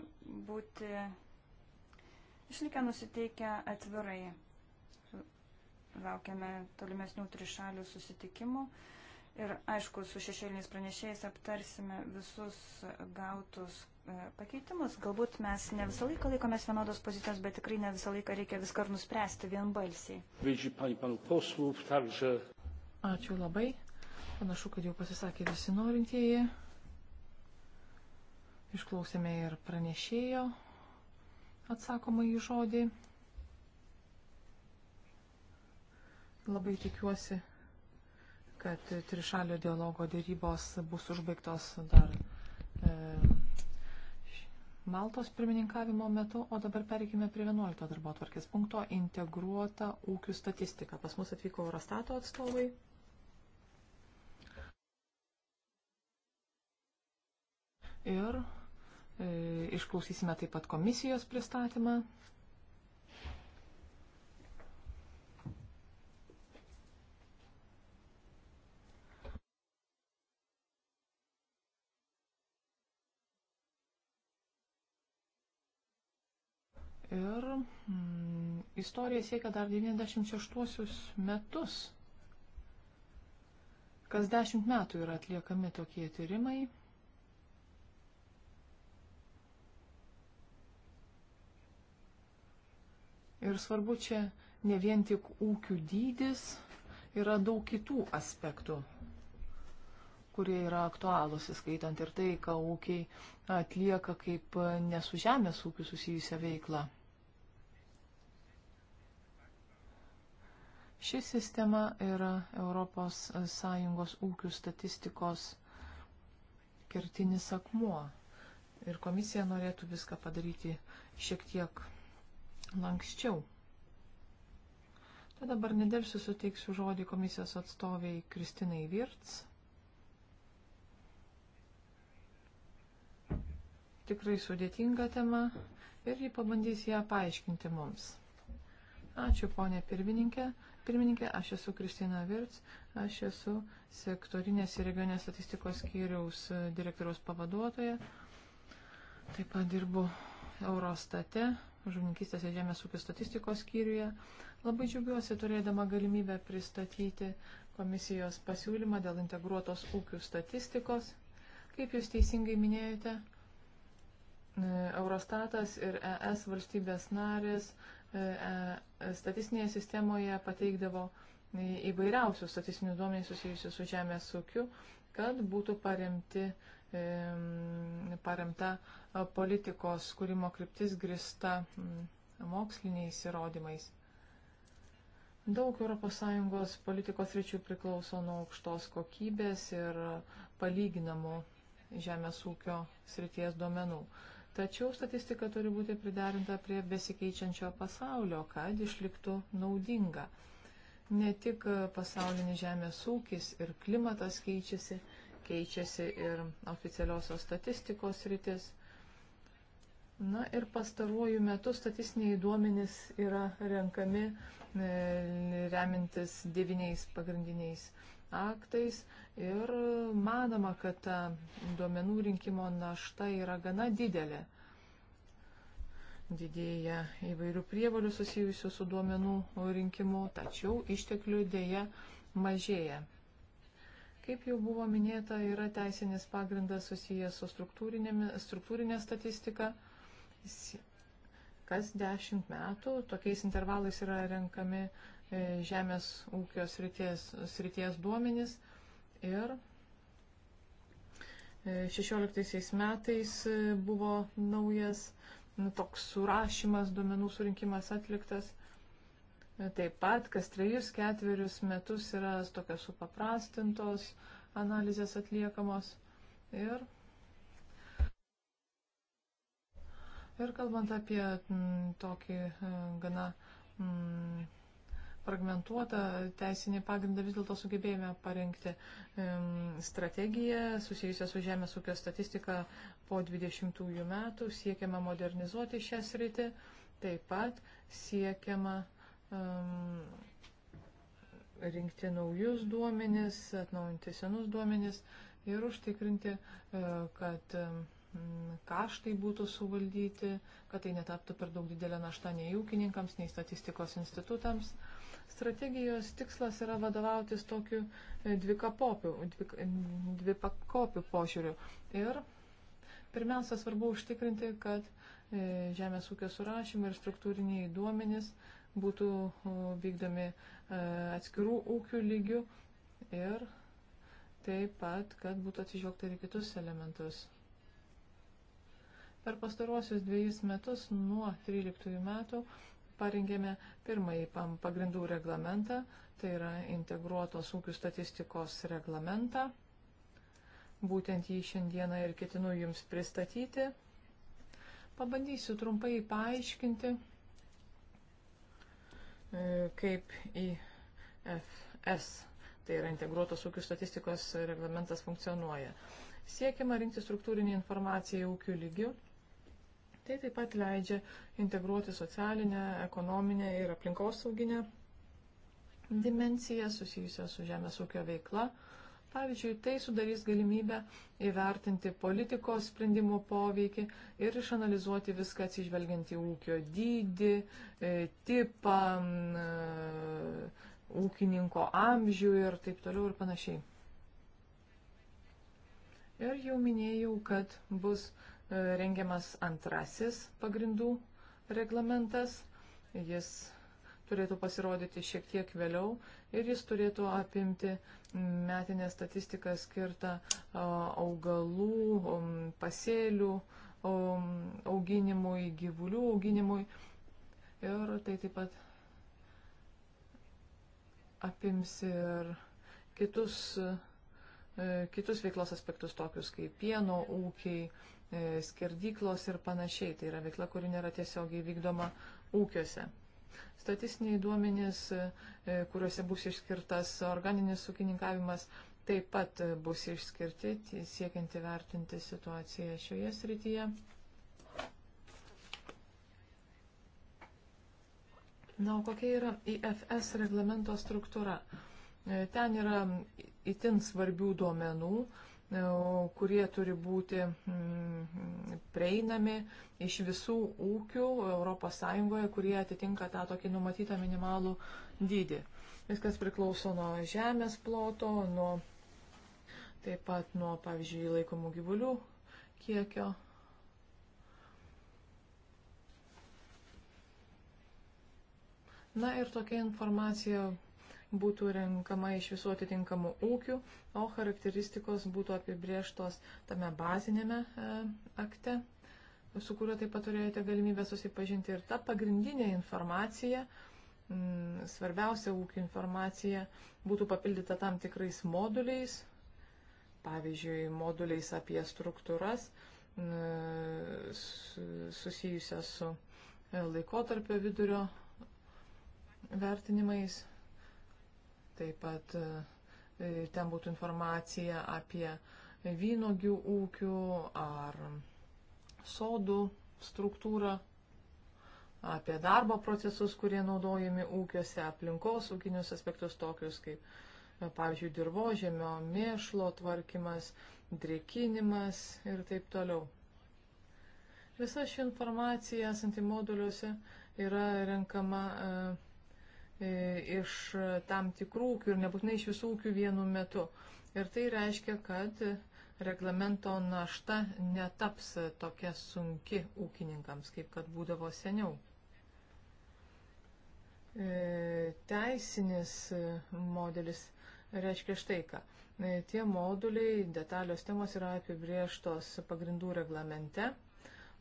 būti išlikę nusiteikę atvirai. Laukiame tolimesnių trišalių susitikimų. Ir aišku, su šešėliniais pranešėjais aptarsime visus gautus e, pakeitimus. Galbūt mes ne visą laiką laikomės vienodos pozicijos, bet tikrai ne visą laiką reikia viską ir nuspręsti vienbalsiai. Ačiū labai. Panašu, kad jau pasisakė visi norintieji. Išklausėme ir pranešėjo atsakomą į žodį. Labai tikiuosi, kad trišalio dialogo dėrybos bus užbaigtos dar e, Maltos pirmininkavimo metu, o dabar pereikime prie 11 darbo atvarkės punkto - integruota ūkių statistika. Pas mus atvyko Eurostato atstovai. Ir e, išklausysime taip pat komisijos pristatymą. Ir mm, istorija siekia dar 96 metus. Kas dešimt metų yra atliekami tokie tyrimai. Ir svarbu čia ne vien tik ūkių dydis, yra daug kitų aspektų, kurie yra aktualūs, įskaitant ir tai, ką ūkiai atlieka kaip nesu žemės ūkių susijusią veiklą. Ši sistema yra ES ūkių statistikos kertinis akmuo. Ir komisija norėtų viską padaryti šiek tiek lankščiau. Tad dabar nedelsiu suteiksiu žodį komisijos atstoviai Kristinai Virts. tikrai sudėtinga tema ir jį pabandys ją paaiškinti mums. Ačiū, ponė pirmininkė pirmininkė, aš esu Kristina Virts, aš esu sektorinės ir regionės statistikos skyriaus e, direktoriaus pavaduotoja. Taip pat dirbu Eurostate, žuvininkystės ir žemės ūkio statistikos skyriuje. Labai džiaugiuosi turėdama galimybę pristatyti komisijos pasiūlymą dėl integruotos ūkių statistikos. Kaip jūs teisingai minėjote, e, Eurostatas ir ES valstybės narės E, e, statistinėje sistemoje pateikdavo įvairiausių statistinių duomenys susijusių su žemės ūkiu, kad būtų paremti, e, paremta politikos kūrimo kryptis grista moksliniais įrodymais. Daug ES politikos ryčių priklauso nuo aukštos kokybės ir palyginamų žemės ūkio srities duomenų. Tačiau statistika turi būti pridarinta prie besikeičiančio pasaulio, kad išliktų naudinga. Ne tik pasaulinis žemės ūkis ir klimatas keičiasi, keičiasi ir oficialiosios statistikos rytis. Na ir pastaruoju metu statistiniai duomenys yra renkami e, remintis devyniais pagrindiniais aktais ir manoma, kad ta duomenų rinkimo našta yra gana didelė. Didėja įvairių prievalių susijusių su duomenų rinkimu, tačiau išteklių dėja mažėja. Kaip jau buvo minėta, yra teisinis pagrindas susijęs su struktūrinė statistika. Kas dešimt metų tokiais intervalais yra renkami E, žemės ūkio srities, srities duomenys ir 16 e, metais e, buvo naujas nu, toks surašymas, duomenų surinkimas atliktas. Taip pat kas trejus ketverius metus yra tokios supaprastintos analizės atliekamos. Ir, ir kalbant apie m, tokį gana m, fragmentuotą teisinį pagrindą vis dėlto sugebėjome parengti strategiją susijusią su žemės ūkio statistika po 20 metų, siekiama modernizuoti šią sritį, taip pat siekiama um, rinkti naujus duomenis, atnaujinti senus duomenis ir užtikrinti, e, kad um, Mm, kaštai būtų suvaldyti, kad tai netaptų per daug didelę naštą nei ūkininkams, nei statistikos institutams. Strategijos tikslas yra vadovautis tokiu e, dvikapopiu, dvik, e, dvipakopiu požiūriu. Ir pirmiausia, svarbu užtikrinti, kad e, žemės ūkio surašymai ir struktūriniai duomenys būtų vykdomi atskirų ūkių lygių ir taip pat, kad būtų atsižvelgta ir kitus elementus. Per pastaruosius dviejus metus nuo 13 metų parengėme pirmąjį pagrindų reglamentą, tai yra integruotos ūkių statistikos reglamentą. Būtent jį šiandieną ir ketinu jums pristatyti. Pabandysiu trumpai paaiškinti, e, kaip IFS, tai yra integruotos ūkių statistikos reglamentas, funkcionuoja. Siekiama rinkti struktūrinį informaciją ūkių lygių Tai taip pat leidžia integruoti socialinę, ekonominę ir aplinkosauginę dimenciją susijusią su žemės ūkio veikla. Pavyzdžiui, tai sudarys galimybę įvertinti politikos sprendimų poveikį ir išanalizuoti viską atsižvelgiant į ūkio dydį, e, tipą, e, ūkininko amžių ir taip toliau ir panašiai. Ir jau minėjau, kad bus rengiamas antrasis pagrindų reglamentas. Jis turėtų pasirodyti šiek tiek vėliau ir jis turėtų apimti metinę statistiką skirtą augalų, um, pasėlių um, auginimui, gyvulių auginimui. Ir tai taip pat apims ir kitus, e, kitus veiklos aspektus, tokius kaip pieno ūkiai, E, skerdyklos ir panašiai. Tai yra veikla, kuri nėra tiesiogiai vykdoma ūkiuose. Statistiniai duomenys, e, kuriuose bus išskirtas organinis ūkininkavimas, taip pat bus išskirti siekiant įvertinti situaciją šioje srityje. Na, o kokia yra IFS reglamento struktūra? E, ten yra itin svarbių duomenų, E, kurie turi būti mm, prieinami iš visų ūkių ES, kurie atitinka tą tokį numatytą minimalų dydį. Viskas priklauso nuo žemės ploto, nuo, taip pat nuo, pavyzdžiui, laikomų gyvulių kiekio. Na ir tokia informacija būtų renkama iš visų atitinkamų ūkių, o charakteristikos būtų apibrieštos tame bazinėme e, akte, su kuriuo taip pat turėjote galimybę susipažinti. Ir ta pagrindinė informacija, mm, svarbiausia ūkio informacija, būtų papildyta tam tikrais moduliais, pavyzdžiui, moduliais apie struktūras mm, susijusias su e, laikotarpio vidurio vertinimais Taip pat e, ten būtų informacija apie vynogių ūkių ar sodų struktūrą, apie darbo procesus, kurie naudojami ūkiuose, aplinkos ūkinius aspektus tokius kaip, e, pavyzdžiui, dirbožėmio, mėšlo tvarkymas, drėkinimas ir taip toliau. Visa ši informacija esanti moduliuose yra renkama e, E, iš tam tikrų ūkių ir nebūtinai iš visų ūkių vienu metu. Ir tai reiškia, kad reglamento našta netaps tokia sunki ūkininkams, kaip kad būdavo seniau. E, teisinis modelis reiškia štai ką. E, tie moduliai, detalios temos yra apibrieštos pagrindų reglamente,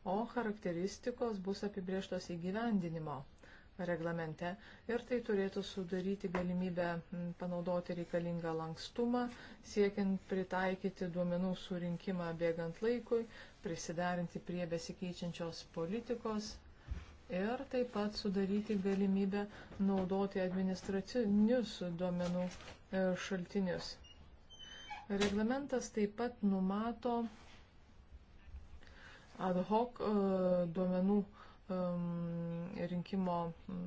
o charakteristikos bus apibrieštos įgyvendinimo reglamente ir tai turėtų sudaryti galimybę panaudoti reikalingą lankstumą, siekiant pritaikyti duomenų surinkimą bėgant laikui, prisiderinti prie besikeičiančios politikos ir taip pat sudaryti galimybę naudoti administracinius duomenų e, šaltinius. Reglamentas taip pat numato ad hoc e, duomenų šaltinius Um, rinkimo um,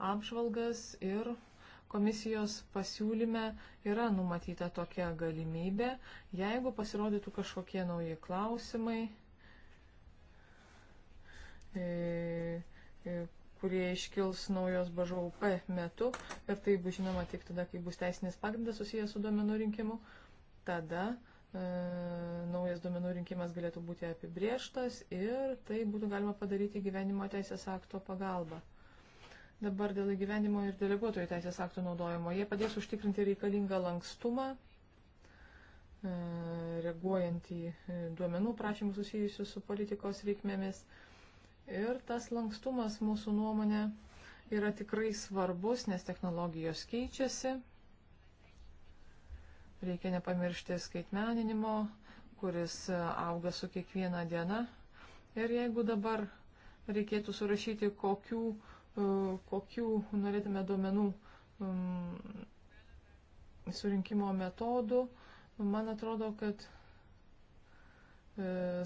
apžvalgas ir komisijos pasiūlyme yra numatyta tokia galimybė, jeigu pasirodytų kažkokie nauji klausimai, e, e, kurie iškils naujos BŽUP metu ir tai bus žinoma tik tada, kai bus teisinis pagrindas susijęs su duomenų rinkimu, tada uh, E, naujas duomenų rinkimas galėtų būti apibrieštas ir tai būtų galima padaryti gyvenimo teisės akto pagalba. Dabar dėl gyvenimo ir deleguotojų teisės aktų naudojimo. Jie padės užtikrinti reikalingą lankstumą, e, reaguojant į e, duomenų prašymus susijusius su politikos reikmėmis. Ir tas lankstumas mūsų nuomonė yra tikrai svarbus, nes technologijos keičiasi. Reikia nepamiršti skaitmeninimo, kuris e, auga su kiekviena diena. Ir jeigu dabar reikėtų surašyti, kokių, e, kokių norėtume duomenų um, surinkimo metodų, man atrodo, kad e,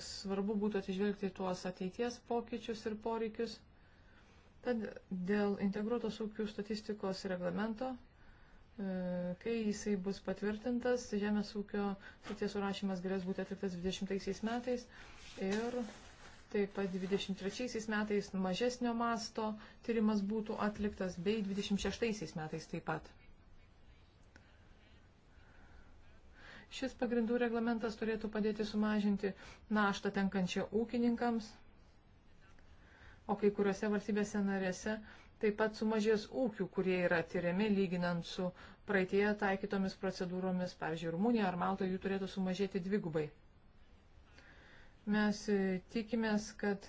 svarbu būtų atsižvelgti tuos ateities pokyčius ir poreikius. Tad dėl integruotos ūkių statistikos reglamento E, kai jisai bus patvirtintas, žemės ūkio suties surašymas galės būti atliktas 20 metais ir taip pat 23 metais mažesnio masto tyrimas būtų atliktas bei 26 metais taip pat. Šis pagrindų reglamentas turėtų padėti sumažinti naštą tenkančią ūkininkams, o kai kuriuose valstybėse narėse Taip pat sumažės ūkių, kurie yra tyriami lyginant su praeitėje taikytomis procedūromis, pavyzdžiui, Rumunija ar Malta, jų turėtų sumažėti dvigubai. Mes e, tikimės, kad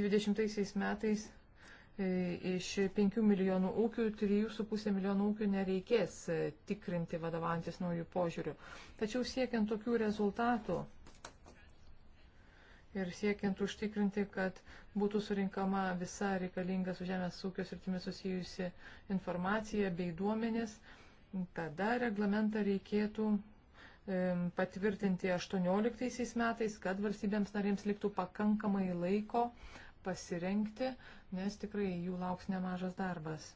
20 metais e, iš 5 milijonų ūkių 3,5 milijonų ūkių nereikės e, tikrinti vadovantis naujų požiūrių. Tačiau siekiant tokių rezultatų, ir siekiant užtikrinti, kad būtų surinkama visa reikalinga su žemės ūkio sritimi susijusi informacija bei duomenis, tada reglamentą reikėtų patvirtinti 18 metais, kad valstybėms narėms liktų pakankamai laiko pasirenkti, nes tikrai jų lauks nemažas darbas.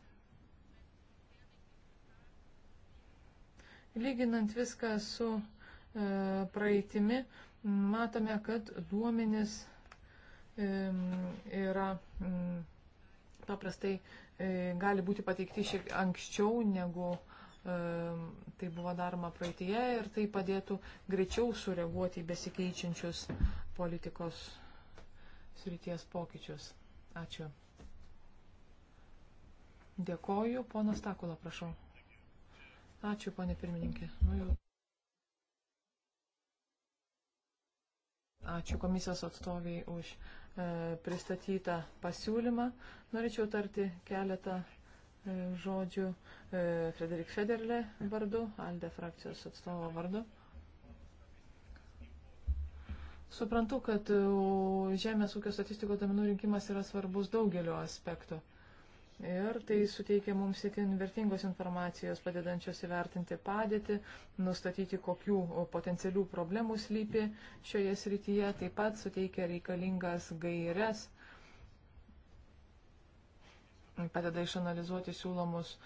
Lyginant viską su e, praeitimi, matome, kad duomenis yra paprastai e, gali būti pateikti šiek anksčiau negu tai buvo daroma praeitie ir tai padėtų greičiau sureaguoti į besikeičiančius politikos srities pokyčius. Ačiū. Dėkoju. Ponas Takula, prašau. Ačiū, ponė pirmininkė. Nu, jau... Ačiū komisijos atstoviai už e, pristatytą pasiūlymą. Norėčiau tarti keletą e, žodžių e, Frederik Federle vardu, Alde frakcijos atstovo vardu. Suprantu, kad žemės ūkio statistikos domenų rinkimas yra svarbus daugeliu aspektų. Ir tai suteikia mums itin vertingos informacijos, padedančios įvertinti padėtį, nustatyti, kokių potencialių problemų slypi šioje srityje, taip pat suteikia reikalingas gairias, padeda išanalizuoti siūlomus e,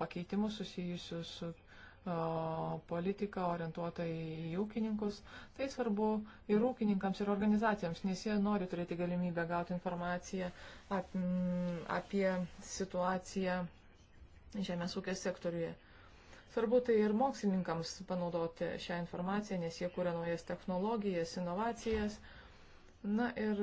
pakeitimus susijusius su politiką orientuotą į ūkininkus. Tai svarbu ir ūkininkams, ir organizacijoms, nes jie nori turėti galimybę gauti informaciją ap, apie situaciją žemės ūkio sektoriuje. Svarbu tai ir mokslininkams panaudoti šią informaciją, nes jie kūrė naujas technologijas, inovacijas. Na ir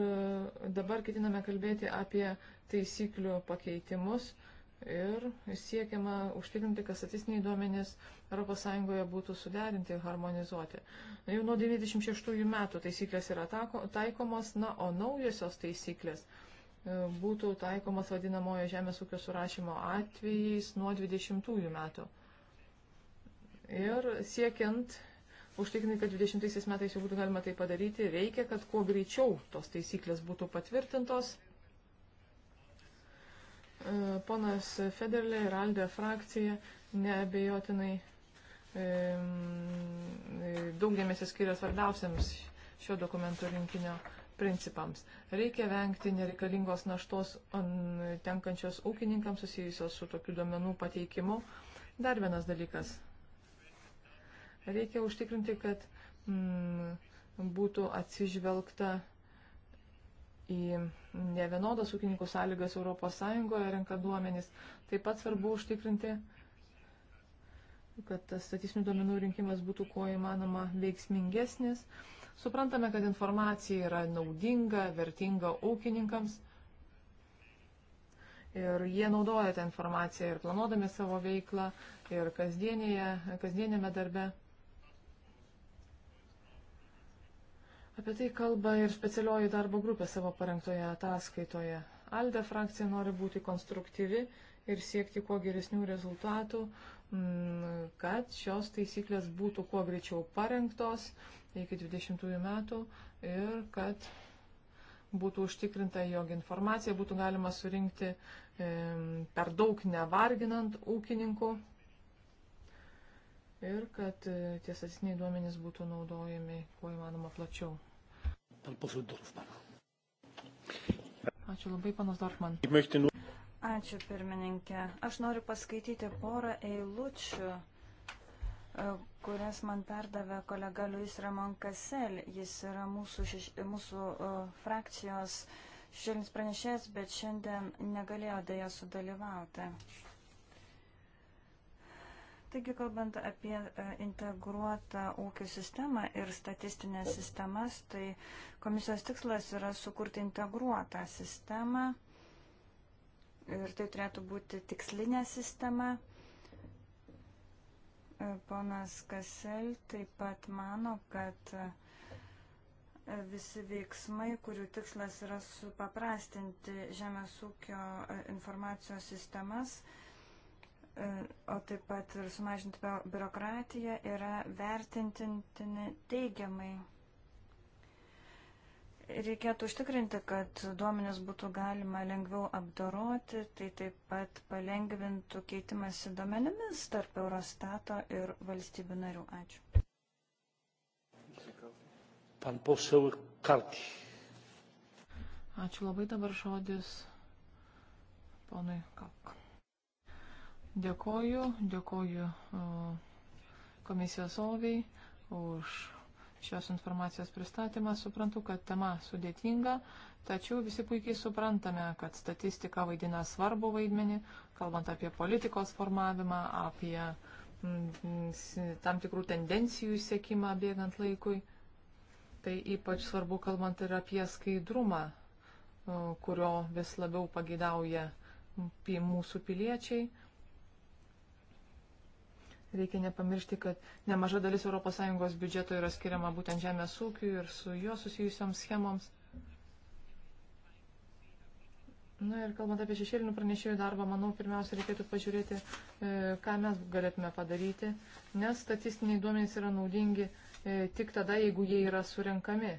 dabar ketiname kalbėti apie taisyklių pakeitimus. Uh, ir siekiama užtikrinti, kad statistiniai duomenys ES būtų suderinti ir harmonizuoti. Jau nuo 96 metų taisyklės yra tako, taikomos, na, o naujosios taisyklės e, būtų taikomas vadinamojo žemės ūkio surašymo atvejais nuo 20 metų. Ir siekiant užtikrinti, kad 20 metais jau būtų galima tai padaryti, reikia, kad kuo greičiau tos taisyklės būtų patvirtintos E, ponas Federlė ir Aldė frakcija neabejotinai e, e, daug dėmesio skiria svarbiausiams šio dokumento rinkinio principams. Reikia vengti nereikalingos naštos tenkančios ūkininkams susijusios su tokiu duomenų pateikimu. Dar vienas dalykas. Reikia užtikrinti, kad mm, būtų atsižvelgta į nevienodas ūkininkų sąlygas ES renkant duomenys. Taip pat svarbu užtikrinti, kad tas statistinių duomenų rinkimas būtų kuo įmanoma veiksmingesnis. Suprantame, kad informacija yra naudinga, vertinga ūkininkams. Ir jie naudoja tą informaciją ir planuodami savo veiklą, ir kasdienėme darbe. Apie tai kalba ir specialioji darbo grupė savo parengtoje ataskaitoje. Alde frakcija nori būti konstruktyvi ir siekti kuo geresnių rezultatų, mm, kad šios taisyklės būtų kuo greičiau parengtos iki 20 metų ir kad būtų užtikrinta, jog informaciją būtų galima surinkti per daug nevarginant ūkininkų ir kad e, tie statistiniai duomenys būtų naudojami kuo įmanoma plačiau. Ačiū labai, panas Dorfman. Nu- Ačiū, pirmininkė. Aš noriu paskaityti porą eilučių, e, kurias man perdavė kolega Luis Ramon Kasel. Jis yra mūsų, šeš, mūsų e, frakcijos šešėlinis pranešėjas, bet šiandien negalėjo dėja sudalyvauti. Taigi, kalbant apie e, integruotą ūkių sistemą ir statistinės sistemas, tai komisijos tikslas yra sukurti integruotą sistemą ir tai turėtų būti tikslinė sistema. E, ponas Kasel taip pat mano, kad e, visi veiksmai, kurių tikslas yra supaprastinti žemės ūkio informacijos sistemas, E, o taip pat ir sumažinti biurokratiją yra vertintintini teigiamai. Reikėtų užtikrinti, kad duomenis būtų galima lengviau apdoroti, tai taip pat palengvintų keitimąsi duomenimis tarp Eurostato ir valstybių narių. Ačiū. Pan posel Karti. Ačiū labai dabar žodis ponui Kalk. Dėkoju, dėkoju komisijos oviai už šios informacijos pristatymą. Suprantu, kad tema sudėtinga, tačiau visi puikiai suprantame, kad statistika vaidina svarbu vaidmenį, kalbant apie politikos formavimą, apie tam tikrų tendencijų įsiekimą bėgant laikui. Tai ypač svarbu kalbant ir apie skaidrumą, kurio vis labiau pagidauja mūsų piliečiai. Reikia nepamiršti, kad nemaža dalis ES biudžeto yra skiriama būtent žemės ūkiui ir su juo susijusioms schemoms. Na ir kalbant apie šešėlinių pranešėjų darbą, manau, pirmiausia, reikėtų pažiūrėti, e, ką mes galėtume padaryti, nes statistiniai duomenys yra naudingi e, tik tada, jeigu jie yra surenkami.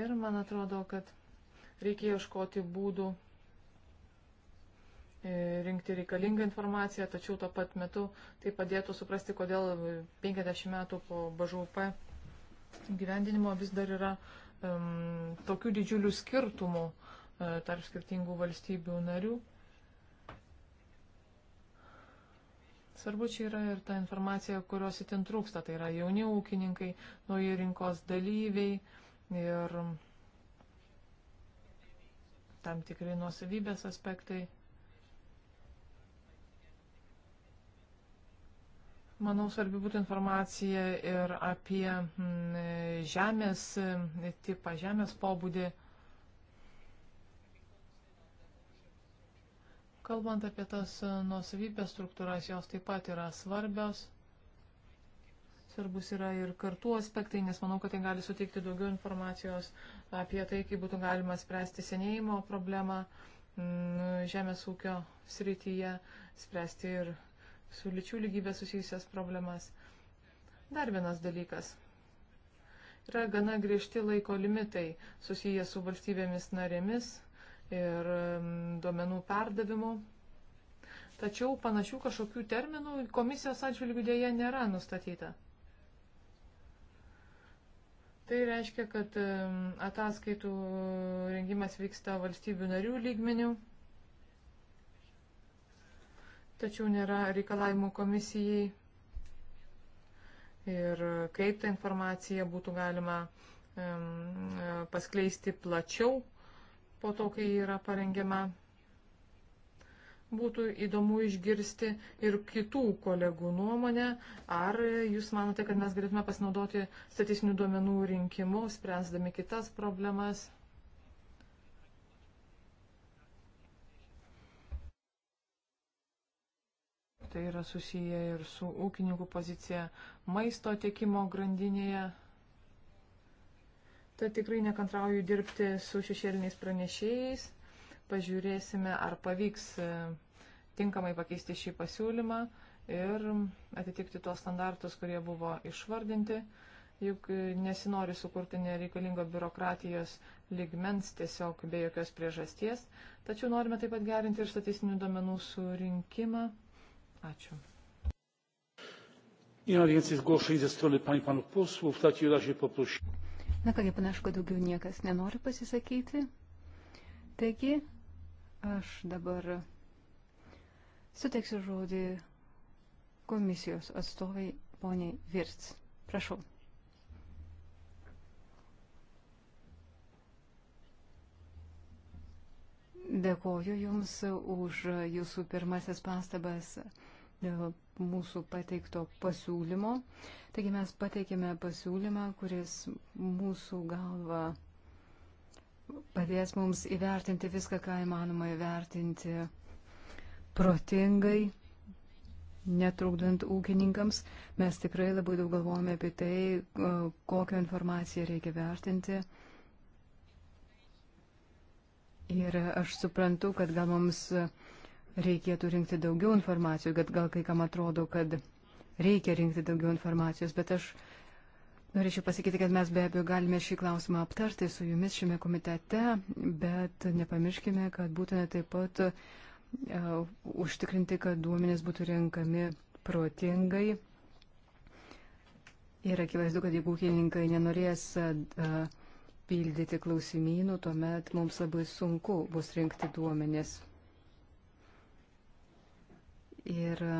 Ir man atrodo, kad reikia ieškoti būdų E, rinkti reikalingą informaciją, tačiau tuo pat metu tai padėtų suprasti, kodėl 50 metų po BŽUP gyvendinimo vis dar yra um, tokių didžiulių skirtumų uh, tarp skirtingų valstybių narių. Svarbu čia yra ir ta informacija, kurios itin trūksta, tai yra jauni ūkininkai, nauji rinkos dalyviai ir tam tikrai nuosavybės aspektai. Manau, svarbi būtų informacija ir apie mm, žemės e, tipą, žemės pobūdį. Kalbant apie tas e, nuosavybės struktūras, jos taip pat yra svarbios. Svarbus yra ir kartų aspektai, nes manau, kad tai gali suteikti daugiau informacijos apie tai, kaip būtų galima spręsti senėjimo problemą mm, žemės ūkio srityje, spręsti ir su lyčių lygybė susijusias problemas. Dar vienas dalykas. Yra gana griežti laiko limitai susiję su valstybėmis narėmis ir duomenų perdavimu. Tačiau panašių kažkokių terminų komisijos atžvilgių dėje nėra nustatyta. Tai reiškia, kad ataskaitų rengimas vyksta valstybių narių lygmenių tačiau nėra reikalavimų komisijai ir kaip tą informaciją būtų galima paskleisti plačiau po to, kai yra parengiama. Būtų įdomu išgirsti ir kitų kolegų nuomonę, ar jūs manote, kad mes galėtume pasinaudoti statistinių duomenų rinkimu, spręsdami kitas problemas. Tai yra susiję ir su ūkininkų pozicija maisto tiekimo grandinėje. Tad tikrai nekantrauju dirbti su šešėliniais pranešėjais. Pažiūrėsime, ar pavyks e, tinkamai pakeisti šį pasiūlymą ir atitikti tuos standartus, kurie buvo išvardinti. Juk e, nesinori sukurti nereikalingo biurokratijos ligmens tiesiog be jokios priežasties, tačiau norime taip pat gerinti ir statistinių duomenų surinkimą. Ačiū. Na kągi, panašu, kad daugiau niekas nenori pasisakyti. Taigi, aš dabar suteiksiu žodį komisijos atstoviai poniai Virts. Prašau. Dėkoju Jums už Jūsų pirmasis pastabas dėl mūsų pateikto pasiūlymo. Taigi mes pateikėme pasiūlymą, kuris mūsų galva padės mums įvertinti viską, ką įmanoma įvertinti protingai, netrukdant ūkininkams. Mes tikrai labai daug galvojame apie tai, kokią informaciją reikia vertinti. Ir aš suprantu, kad gal mums reikėtų rinkti daugiau informacijos, kad gal kai kam atrodo, kad reikia rinkti daugiau informacijos, bet aš norėčiau pasakyti, kad mes be abejo galime šį klausimą aptarti su jumis šiame komitete, bet nepamirškime, kad būtina taip pat uh, užtikrinti, kad duomenės būtų renkami protingai. Ir akivaizdu, kad jeigu ūkininkai nenorės uh, pildyti klausimynų, tuomet mums labai sunku bus rinkti duomenis. Ir e,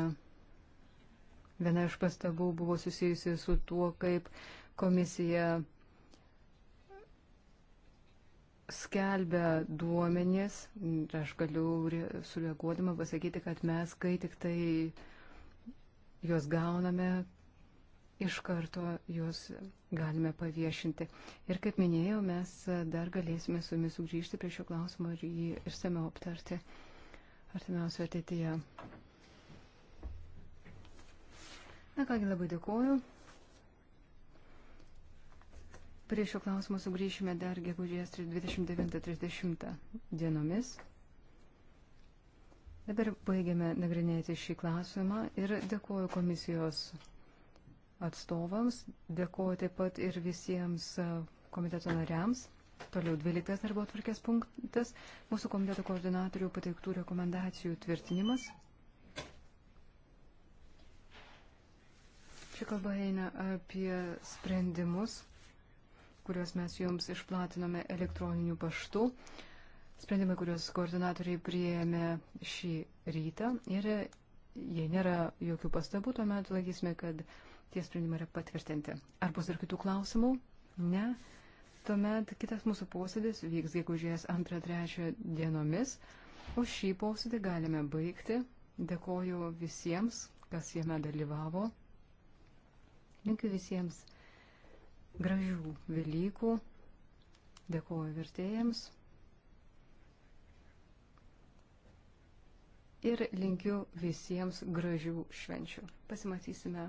viena iš pastabų buvo susijusi su tuo, kaip komisija skelbia duomenis, aš galiu sureaguodama pasakyti, kad mes, kai tik tai juos gauname, iš karto juos galime paviešinti. Ir kaip minėjau, mes dar galėsime su jumis sugrįžti prie šio klausimo ir jį išsameu aptarti artimiausio ateityje. Na kągi, labai dėkoju. Prie šio klausimo sugrįšime dar gegužės 29-30 dienomis. Dabar baigiame nagrinėti šį klausimą ir dėkoju komisijos atstovams, dėkoju taip pat ir visiems e, komiteto nariams. Toliau 12 darbo atvarkės punktas - mūsų komiteto koordinatorių pateiktų rekomendacijų tvirtinimas. Čia kalba eina apie sprendimus, kuriuos mes jums išplatinome elektroniniu paštu. Sprendimai, kuriuos koordinatoriai priėmė šį rytą. Ir jei nėra jokių pastabų, tuomet laikysime, kad Tie sprendimai yra patvirtinti. Ar bus dar kitų klausimų? Ne. Tuomet kitas mūsų posėdis vyks gegužės 2-3 dienomis, o šį posėdį galime baigti. Dėkoju visiems, kas jame dalyvavo. Linkiu visiems gražių Velykų. Dėkoju vertėjams. Ir linkiu visiems gražių švenčių. Pasimatysime